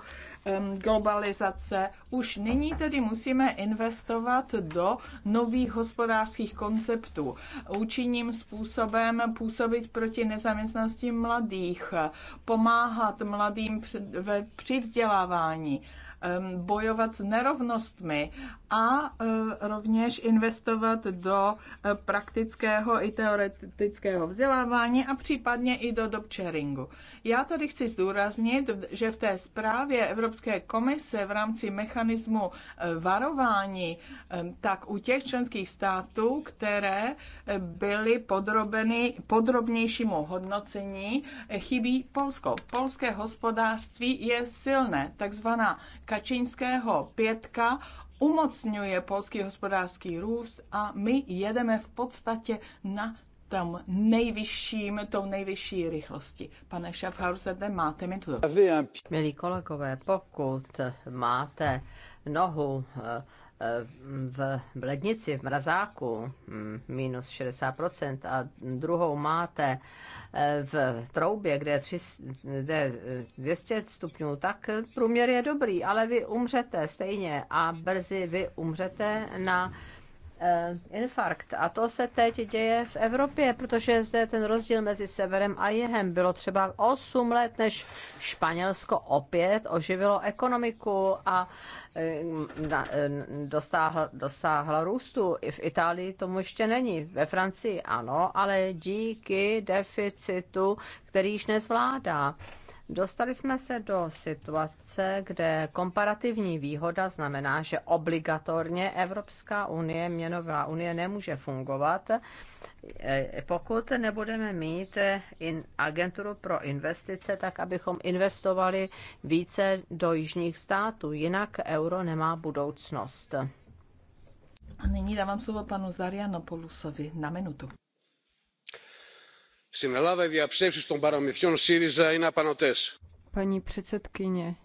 globalizace. Už nyní tedy musíme investovat do nových hospodářských konceptů. Účinným způsobem působit proti nezaměstnanosti mladých, pomáhat mladým při vzdělávání, bojovat s nerovnostmi a e, rovněž investovat do e, praktického i teoretického vzdělávání a případně i do dobčeringu. Já tady chci zdůraznit, že v té zprávě Evropské komise v rámci mechanismu e, varování, tak u těch členských států, které byly podrobeny podrobnějšímu hodnocení, chybí Polsko. Polské hospodářství je silné, takzvaná Kačiňského pětka umocňuje polský hospodářský růst a my jedeme v podstatě na tom nejvyšším, tou nejvyšší rychlosti. Pane Schaffhauserde, máte mi tu. Milí kolegové, pokud máte nohu eh, v lednici, v mrazáku, mm, minus 60%, a druhou máte eh, v troubě, kde je, tři, kde je 200 stupňů, tak průměr je dobrý, ale vy umřete stejně a brzy vy umřete na eh, infarkt. A to se teď děje v Evropě, protože je zde ten rozdíl mezi severem a jihem. Bylo třeba 8 let, než Španělsko opět oživilo ekonomiku a Eh, eh, dosáhl, dosáhla růstu. I v Itálii tomu ještě není, ve Francii ano, ale díky deficitu, který již nezvládá. Dostali jsme se do situace, kde komparativní výhoda znamená, že obligatorně Evropská unie, měnová unie nemůže fungovat, e, pokud nebudeme mít e, in, agenturu pro investice, tak abychom investovali více do jižních států, jinak euro nemá budoucnost. A nyní dávám slovo panu Zarianopoulosovi na minutu. Paní předsedkyně,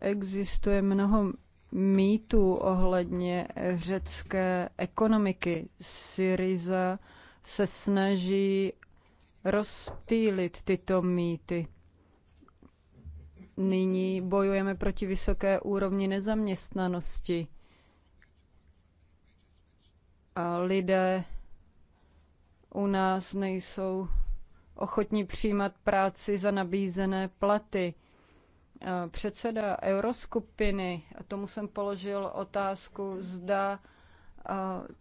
existuje mnoho mýtů ohledně řecké ekonomiky. Syriza se snaží rozptýlit tyto mýty. Nyní bojujeme proti vysoké úrovni nezaměstnanosti. A lidé u nás nejsou ochotní přijímat práci za nabízené platy. Předseda euroskupiny, a tomu jsem položil otázku, zda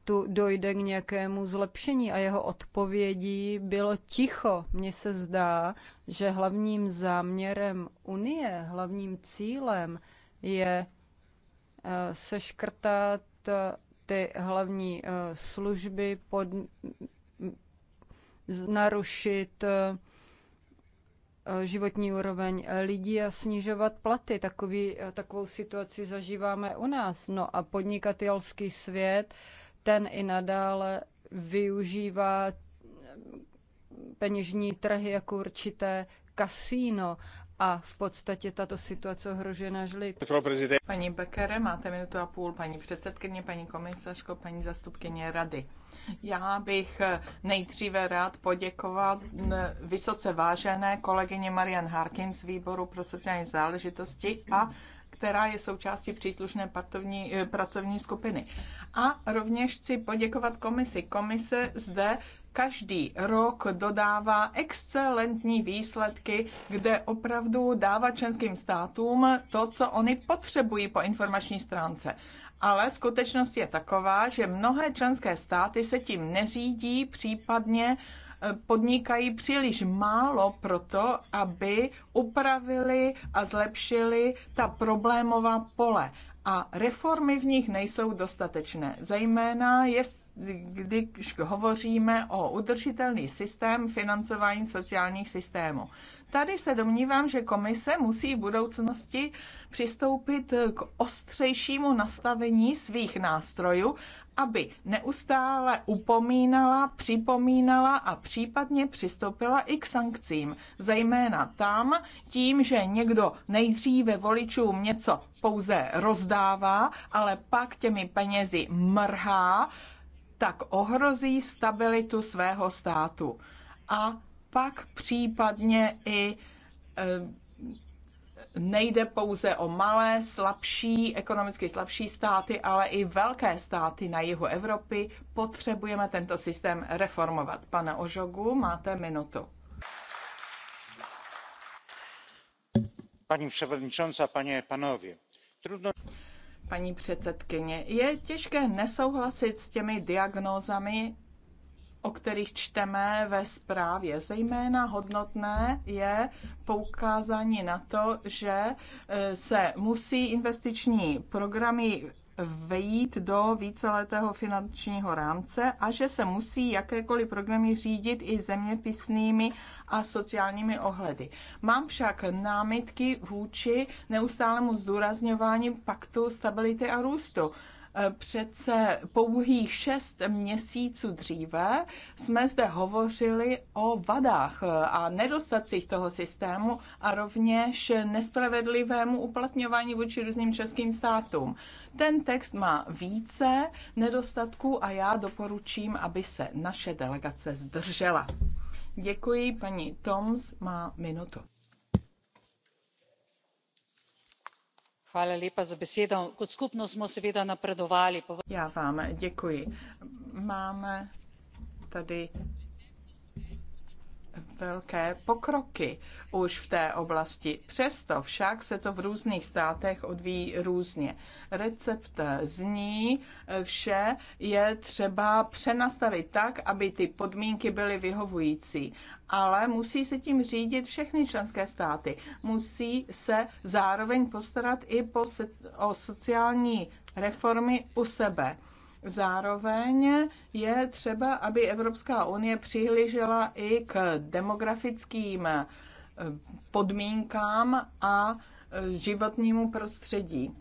tu dojde k nějakému zlepšení a jeho odpovědí bylo ticho. Mně se zdá, že hlavním záměrem Unie, hlavním cílem je seškrtat ty hlavní služby pod narušit eh, eh, životní úroveň lidí a snižovat platy. Takový, eh, takovou situaci zažíváme u nás. No a podnikatelský svět, ten i nadále využívá peněžní trhy jako určité kasíno a v podstatě tato situace ohrožuje náš lid. Paní Bekere, máte minutu a půl, paní předsedkyně, paní komisařko, paní zastupkyně rady. Já bych eh, nejdříve rád poděkovat vysoce vážené kolegyně Marian Harkin z výboru pro sociální záležitosti a která je součástí příslušné partovní, eh, pracovní skupiny. A rovněž chci poděkovat komisi. Komise zde každý rok dodává excelentní výsledky, kde opravdu dává členským státům to, co oni potřebují po informační stránce. Ale skutečnost je taková, že mnohé členské státy se tím neřídí, případně e, podnikají příliš málo pro to, aby upravili a zlepšili ta problémová pole a reformy v nich nejsou dostatečné. Zejména jest, když hovoříme o udržitelný systém financování sociálních systémů. Tady se domnívám, že komise musí v budoucnosti přistoupit k ostřejšímu nastavení svých nástrojů aby neustále upomínala, připomínala a případně přistoupila i k sankcím. Zejména tam, tím, že někdo nejdříve voličům něco pouze rozdává, ale pak těmi penězi mrhá, tak ohrozí stabilitu svého státu. A pak případně i e, nejde pouze o malé, slabší, ekonomicky slabší státy, ale i velké státy na jihu Evropy. Potřebujeme tento systém reformovat. Pane Ožogu, máte minutu. Paní předsedající, paní panově, trudno... Paní předsedkyně, je těžké nesouhlasit s těmi diagnózami, o kterých čteme ve zprávě. Zejména hodnotné je poukázání na to, že e, se musí investiční programy vejít do víceletého finančního rámce a že se musí jakékoliv programy řídit i zeměpisnými a sociálními ohledy. Mám však námitky vůči neustálému zdůrazňování paktu stability a růstu Přece pouhých šest měsíců dříve jsme zde hovořili o vadách a nedostacích toho systému a rovněž nespravedlivému uplatňování vůči různým českým státům. Ten text má více nedostatků a já doporučím, aby se naše delegace zdržela. Děkuji, paní Toms má minutu. kot skupnost smo seveda napredovali. já vám děkuji. máme tady velké pokroky už v té oblasti. Přesto však se to v různých státech odvíjí různě. Recept zní, vše je třeba přenastavit tak, aby ty podmínky byly vyhovující. Ale musí se tím řídit všechny členské státy. Musí se zároveň postarat i po, o sociální reformy u sebe Zároveň je třeba, aby Evropská unie přihlížela i k demografickým eh, podmínkám a eh, životnímu prostředí.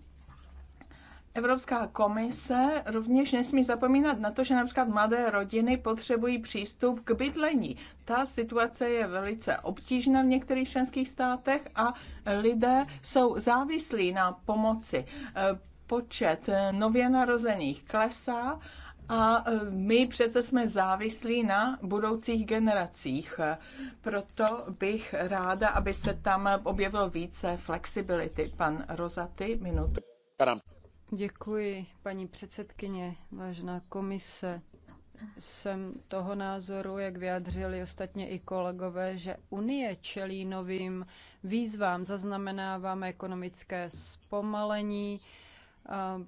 Evropská komise rovněž nesmí zapomínat na to, že například mladé rodiny potřebují přístup k bydlení. Ta situace je velice obtížná v některých členských státech a lidé jsou závislí na pomoci eh, počet nově narozených klesá a e, my přece jsme závislí na budoucích generacích. Proto bych ráda, aby se tam objevilo více flexibility. Pan Rozaty, minutu. Děkuji, paní předsedkyně, vážná komise jsem toho názoru, jak vyjádřili ostatně i kolegové, že Unie čelí novým výzvám. Zaznamenáváme ekonomické zpomalení,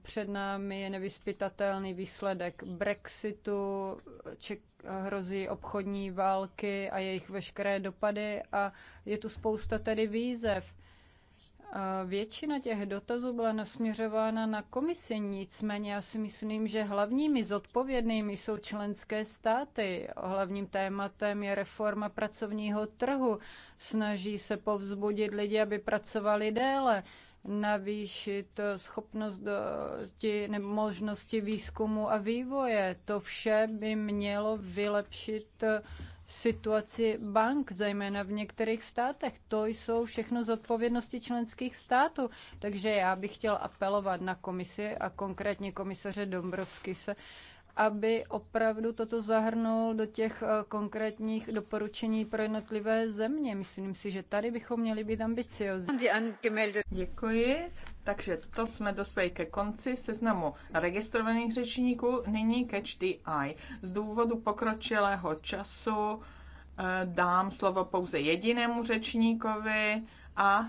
před námi je nevyspytatelný výsledek Brexitu, ček, hrozí obchodní války a jejich veškeré dopady a je tu spousta tedy výzev. Většina těch dotazů byla nasměřována na komisi, nicméně já si myslím, že hlavními zodpovědnými jsou členské státy. Hlavním tématem je reforma pracovního trhu. Snaží se povzbudit lidi, aby pracovali déle navýšit eh, schopnost nebo možnosti výzkumu a vývoje. To vše by mělo vylepšit eh, situaci bank, zejména v některých státech. To jsou všechno z odpovědnosti členských států. Takže já bych chtěl apelovat na komisi a konkrétně komisaře Dombrovsky se, aby opravdu toto zahrnul do těch eh, konkrétních doporučení pro jednotlivé země. Myslím si, že tady bychom měli být ambiciozní. Děkuji. Takže to jsme dospěli ke konci seznamu registrovaných řečníků. Nyní catch the eye. Z důvodu pokročilého času eh, dám slovo pouze jedinému řečníkovi a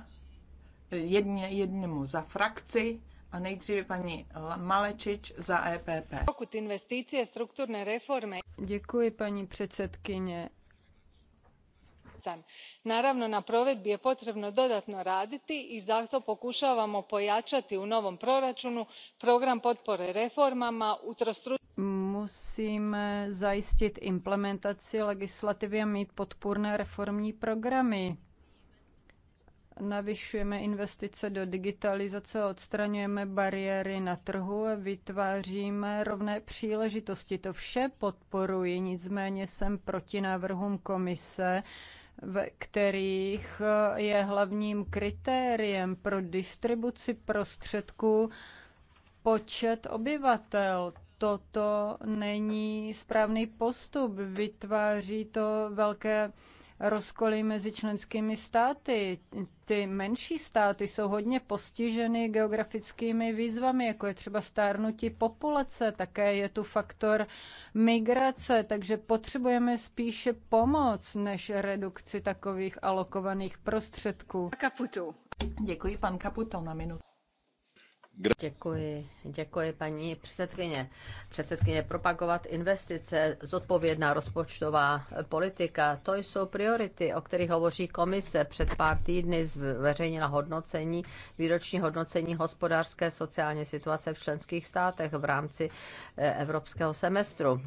jedně, jednému za frakci a nejdříve paní Malečič za EPP. Pokud investice, strukturné reformy. Děkuji, paní předsedkyně natjecan. naravno na provedbi je potrebno dodatno raditi i zato pokuavamo pojaati u novom proraunu program potpore reformama musíme zajistit implementaci legislativy a mít podpůrné reformní programy navyšujeme investice do digitalizace, odstraňujeme bariéry na trhu vytváříme rovné příležitosti. To vše podporuji, nicméně jsem proti návrhům komise, ve kterých je hlavním kritériem pro distribuci prostředků počet obyvatel toto není správný postup. Vytváří to velké rozkoly mezi členskými státy. Ty menší státy jsou hodně postiženy geografickými výzvami, jako je třeba stárnutí populace, také je tu faktor migrace, takže potřebujeme spíše pomoc než redukci takových alokovaných prostředků. Kaputu. Děkuji, pan Kaputo, na minutu. Děkuji, děkuji paní předsedkyně. Předsedkyně propagovat investice, zodpovědná rozpočtová politika, to jsou priority, o kterých hovoří komise. Před pár týdny zveřejnila hodnocení, výroční hodnocení hospodářské sociální situace v členských státech v rámci eh, evropského semestru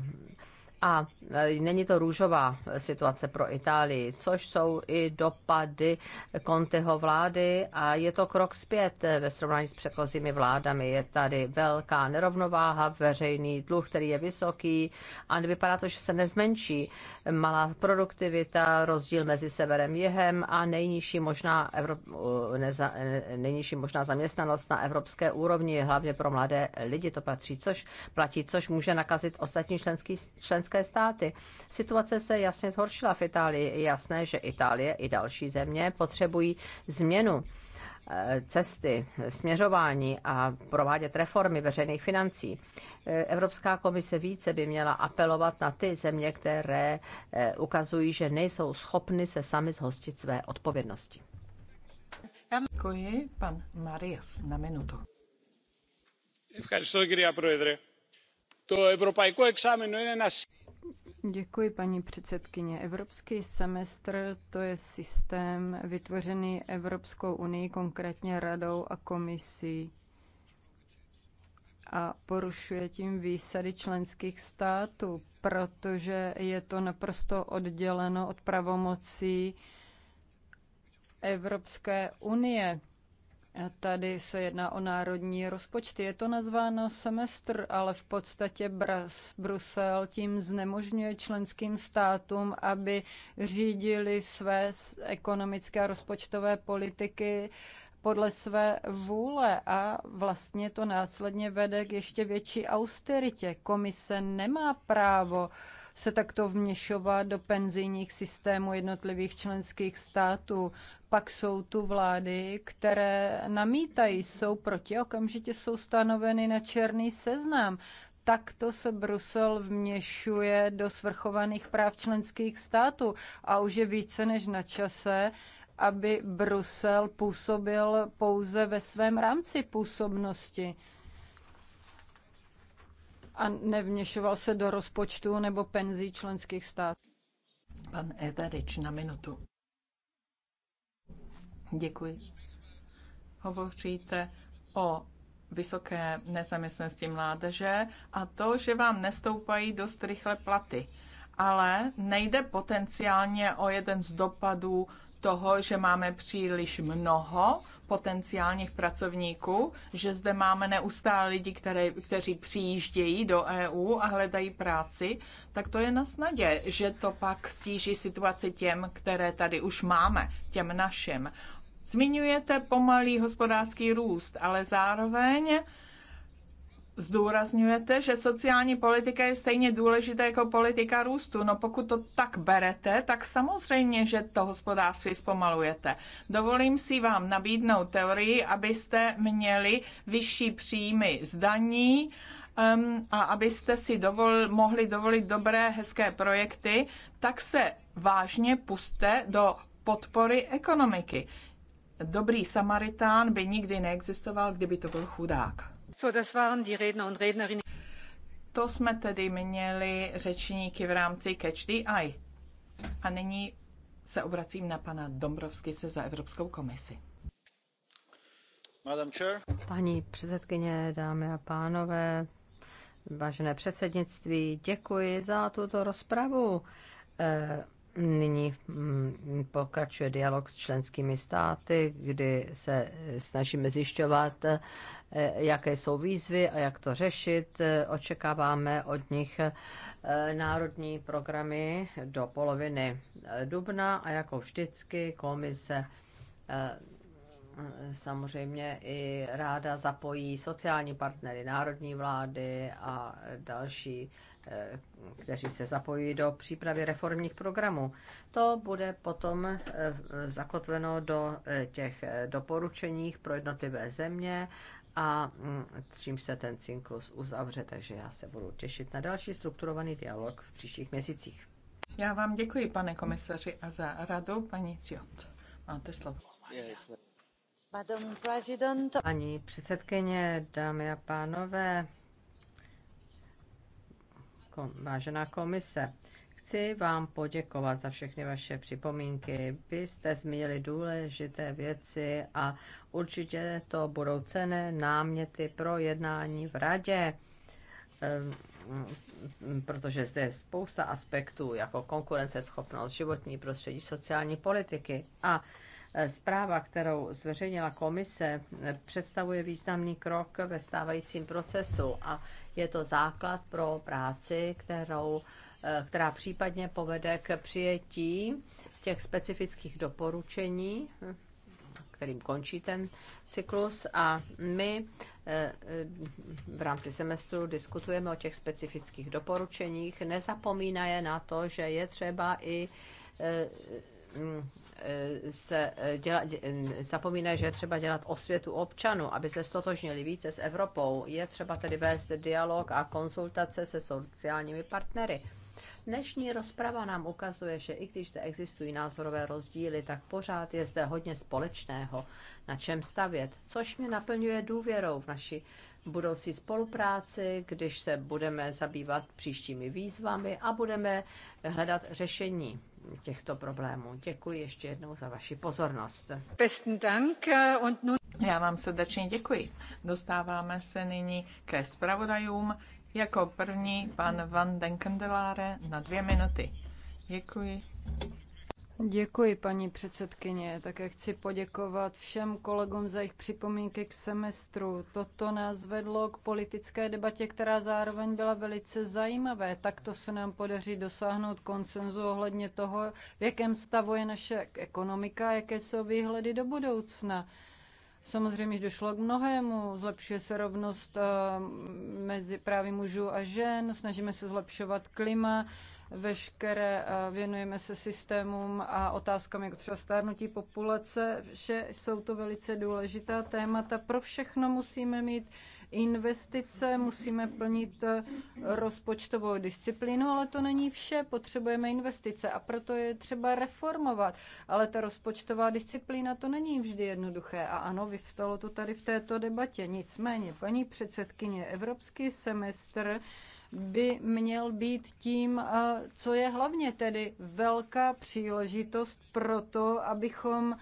a e, není to růžová e, situace pro Itálii, což jsou i dopady Conteho vlády a je to krok zpět e, ve srovnání s předchozími vládami. Je tady velká nerovnováha, veřejný dluh, který je vysoký a vypadá to, že se nezmenší. Malá produktivita, rozdíl mezi severem a jihem a nejnižší možná, Evrop, neza, nejnižší možná zaměstnanost na evropské úrovni, hlavně pro mladé lidi to patří, což platí, což může nakazit ostatní členský, členský členské státy. Situace se jasně zhoršila v Itálii. Je jasné, že Itálie i další země potřebují změnu eh, cesty, směřování a provádět reformy veřejných financí. Eh, Evropská komise více by měla apelovat na ty země, které eh, ukazují, že nejsou schopny se sami zhostit své odpovědnosti. Děkuji, pan Marias, na minutu. Děkuji, κυρία Πρόεδρε. Το ευρωπαϊκό εξάμεινο είναι Děkuji, paní předsedkyně. Evropský semestr to je systém vytvořený Evropskou unii, konkrétně radou a komisí a porušuje tím výsady členských států, protože je to naprosto odděleno od pravomocí Evropské unie. Tady se jedná o národní rozpočty. Je to nazváno semestr, ale v podstatě Bras, Brusel tím znemožňuje členským státům, aby řídili své ekonomické a rozpočtové politiky podle své vůle a vlastně to následně vede k ještě větší austeritě. Komise nemá právo se takto vměšovat do penzijních systémů jednotlivých členských států. Pak jsou tu vlády, které namítají, jsou proti, okamžitě jsou stanoveny na černý seznam. Takto se Brusel vměšuje do svrchovaných práv členských států a už je více než na čase, aby Brusel působil pouze ve svém rámci působnosti a nevměšoval se do rozpočtu nebo penzí členských států. Pan Ezarič na minutu. Děkuji. Hovoříte o vysoké nezaměstnosti mládeže a to, že vám nestoupají dost rychle platy. Ale nejde potenciálně o jeden z dopadů toho, že máme příliš mnoho potenciálních pracovníků, že zde máme neustále lidi, které, kteří přijíždějí do EU a hledají práci, tak to je na snadě, že to pak stíží situaci těm, které tady už máme, těm našim. Zmiňujete pomalý hospodářský růst, ale zároveň zdůrazňujete, že sociální politika je stejně důležitá jako politika růstu. No pokud to tak berete, tak samozřejmě, že to hospodářství zpomalujete. Dovolím si vám nabídnout teorii, abyste měli vyšší příjmy z daní, um, a abyste si dovol, mohli dovolit dobré, hezké projekty, tak se vážně puste do podpory ekonomiky dobrý Samaritán by nikdy neexistoval, kdyby to byl chudák. So, das waren die Redner und Rednerinnen. To jsme tedy měli řečníky v rámci Catch the Eye. A nyní se obracím na pana Dombrovsky se za Evropskou komisi. Paní předsedkyně, dámy a pánové, vážené předsednictví, děkuji za tuto rozpravu. Eh, Nyní mm, pokračuje dialog s členskými státy, kdy se eh, snažíme zjišťovat, eh, jaké jsou výzvy a jak to řešit. Očekáváme od nich eh, národní programy do poloviny dubna a jako vždycky komise samozřejmě i ráda zapojí sociální partnery, národní vlády a další, eh, kteří se zapojí do přípravy reformních programů. To bude potom eh, zakotveno do eh, těch doporučeních pro jednotlivé země a mm, čím se ten cyklus uzavře, takže já se budu těšit na další strukturovaný dialog v příštích měsících. Já vám děkuji, pane komisaři, a za radu, paní Ciot. Máte slovo. Yeah, Paní předsedkyně, dámy a pánové, vážená komise, chci vám poděkovat za všechny vaše připomínky. Vy jste zmínili důležité věci a určitě to budou cené náměty pro jednání v radě ehm, protože zde je spousta aspektů, jako konkurenceschopnost, životní prostředí, sociální politiky. A Eh, zpráva, kterou zveřejnila komise, eh, představuje významný krok ve stávajícím procesu a je to základ pro práci, kterou, eh, která případně povede k přijetí těch specifických doporučení, kterým končí ten cyklus a my v rámci semestru diskutujeme o těch specifických doporučeních, nezapomínaje na to, že je třeba i se eh, děla, zapomíná, že je třeba dělat osvětu občanů, aby se stotožnili více s Evropou. Je třeba tedy vést dialog a konzultace se sociálními partnery. Dnešní rozprava nám ukazuje, že i když zde existují názorové rozdíly, tak pořád je zde hodně společného, na čem stavět, což mě naplňuje důvěrou v naši budoucí spolupráci, když se budeme zabývat příštími výzvami a budeme hledat řešení těchto problémů. Děkuji ještě jednou za vaši pozornost. Besten Dank und nun... Já vám srdečně děkuji. Dostáváme se nyní ke zpravodajům. Jako první pan Van den na dvě minuty. Děkuji. Děkuji, paní předsedkyně. Také chci poděkovat všem kolegům za jejich připomínky k semestru. Toto nás vedlo k politické debatě, která zároveň byla velice zajímavé. Takto se nám podaří dosáhnout konsenzu ohledně toho, v jakém stavu je naše ekonomika, jaké jsou výhledy do budoucna. Samozřejmě, že došlo k mnohému. Zlepšuje se rovnost eh, mezi právě mužů a žen, snažíme se zlepšovat klima veškeré, věnujeme se systémům a otázkám jako třeba stárnutí populace, že jsou to velice důležitá témata. Pro všechno musíme mít investice, musíme plnit e, rozpočtovou disciplínu, ale to není vše, potřebujeme investice a proto je třeba reformovat. Ale ta rozpočtová disciplína to není vždy jednoduché a ano, vyvstalo to tady v této debatě. Nicméně, paní předsedkyně, evropský semestr by měl být tím, eh, co je hlavně tedy velká příležitost pro to, abychom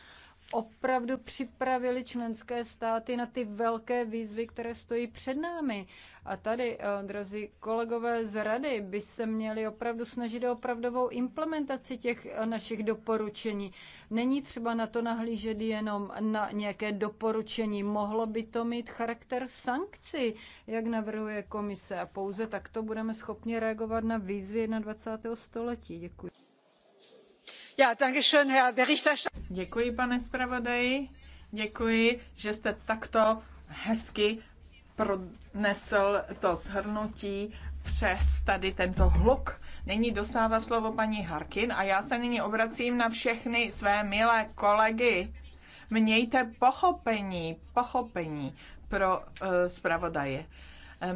opravdu připravili členské státy na ty velké výzvy, které stojí před námi. A tady, eh, drazí kolegové z rady, by se měli opravdu snažit o opravdovou implementaci těch eh, našich doporučení. Není třeba na to nahlížet jenom na nějaké doporučení. Mohlo by to mít charakter sankcí, jak navrhuje komise. A pouze takto budeme schopni reagovat na výzvy 21. století. Děkuji. Děkuji, pane zpravodaji. Děkuji, že jste takto hezky pronesl to shrnutí přes tady tento hluk. Nyní dostává slovo paní Harkin a já se nyní obracím na všechny své milé kolegy. Mějte pochopení, pochopení pro uh, zpravodaje.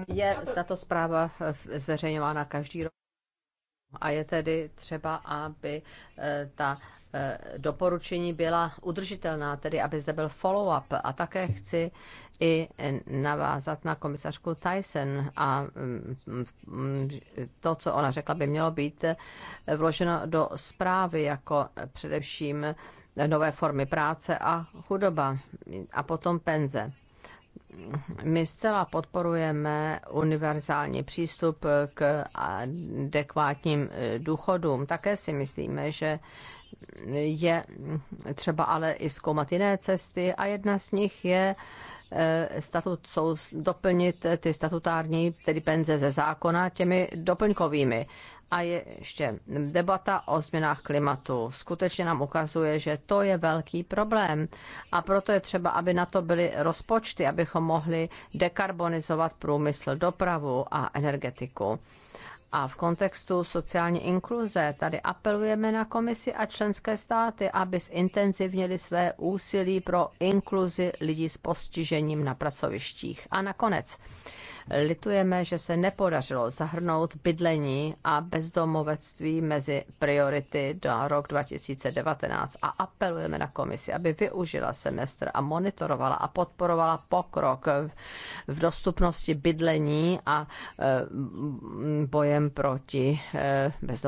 Je tato zpráva eh, zveřejňována každý rok. A je tedy třeba, aby e, ta e, doporučení byla udržitelná, tedy aby zde byl follow-up. A také chci i navázat na komisařku Tyson a mm, to, co ona řekla, by mělo být e, vloženo do zprávy jako především nové formy práce a chudoba a potom penze my zcela podporujeme univerzální přístup k adekvátním eh, důchodům. Také si myslíme, že je třeba ale i zkoumat jiné cesty a jedna z nich je eh, statut, jsou doplnit ty statutární, tedy penze ze zákona, těmi doplňkovými a je ještě debata o změnách klimatu. Skutečně nám ukazuje, že to je velký problém a proto je třeba, aby na to byly rozpočty, abychom mohli dekarbonizovat průmysl, dopravu a energetiku. A v kontextu sociální inkluze tady apelujeme na komisi a členské státy, aby zintenzivnili své úsilí pro inkluzi lidí s postižením na pracovištích. A nakonec litujeme, že se nepodařilo zahrnout bydlení a bezdomovectví mezi priority do rok 2019 a apelujeme na komisi, aby využila semestr a monitorovala a podporovala pokrok v dostupnosti bydlení a eh, bojem proti eh, bezdomovectví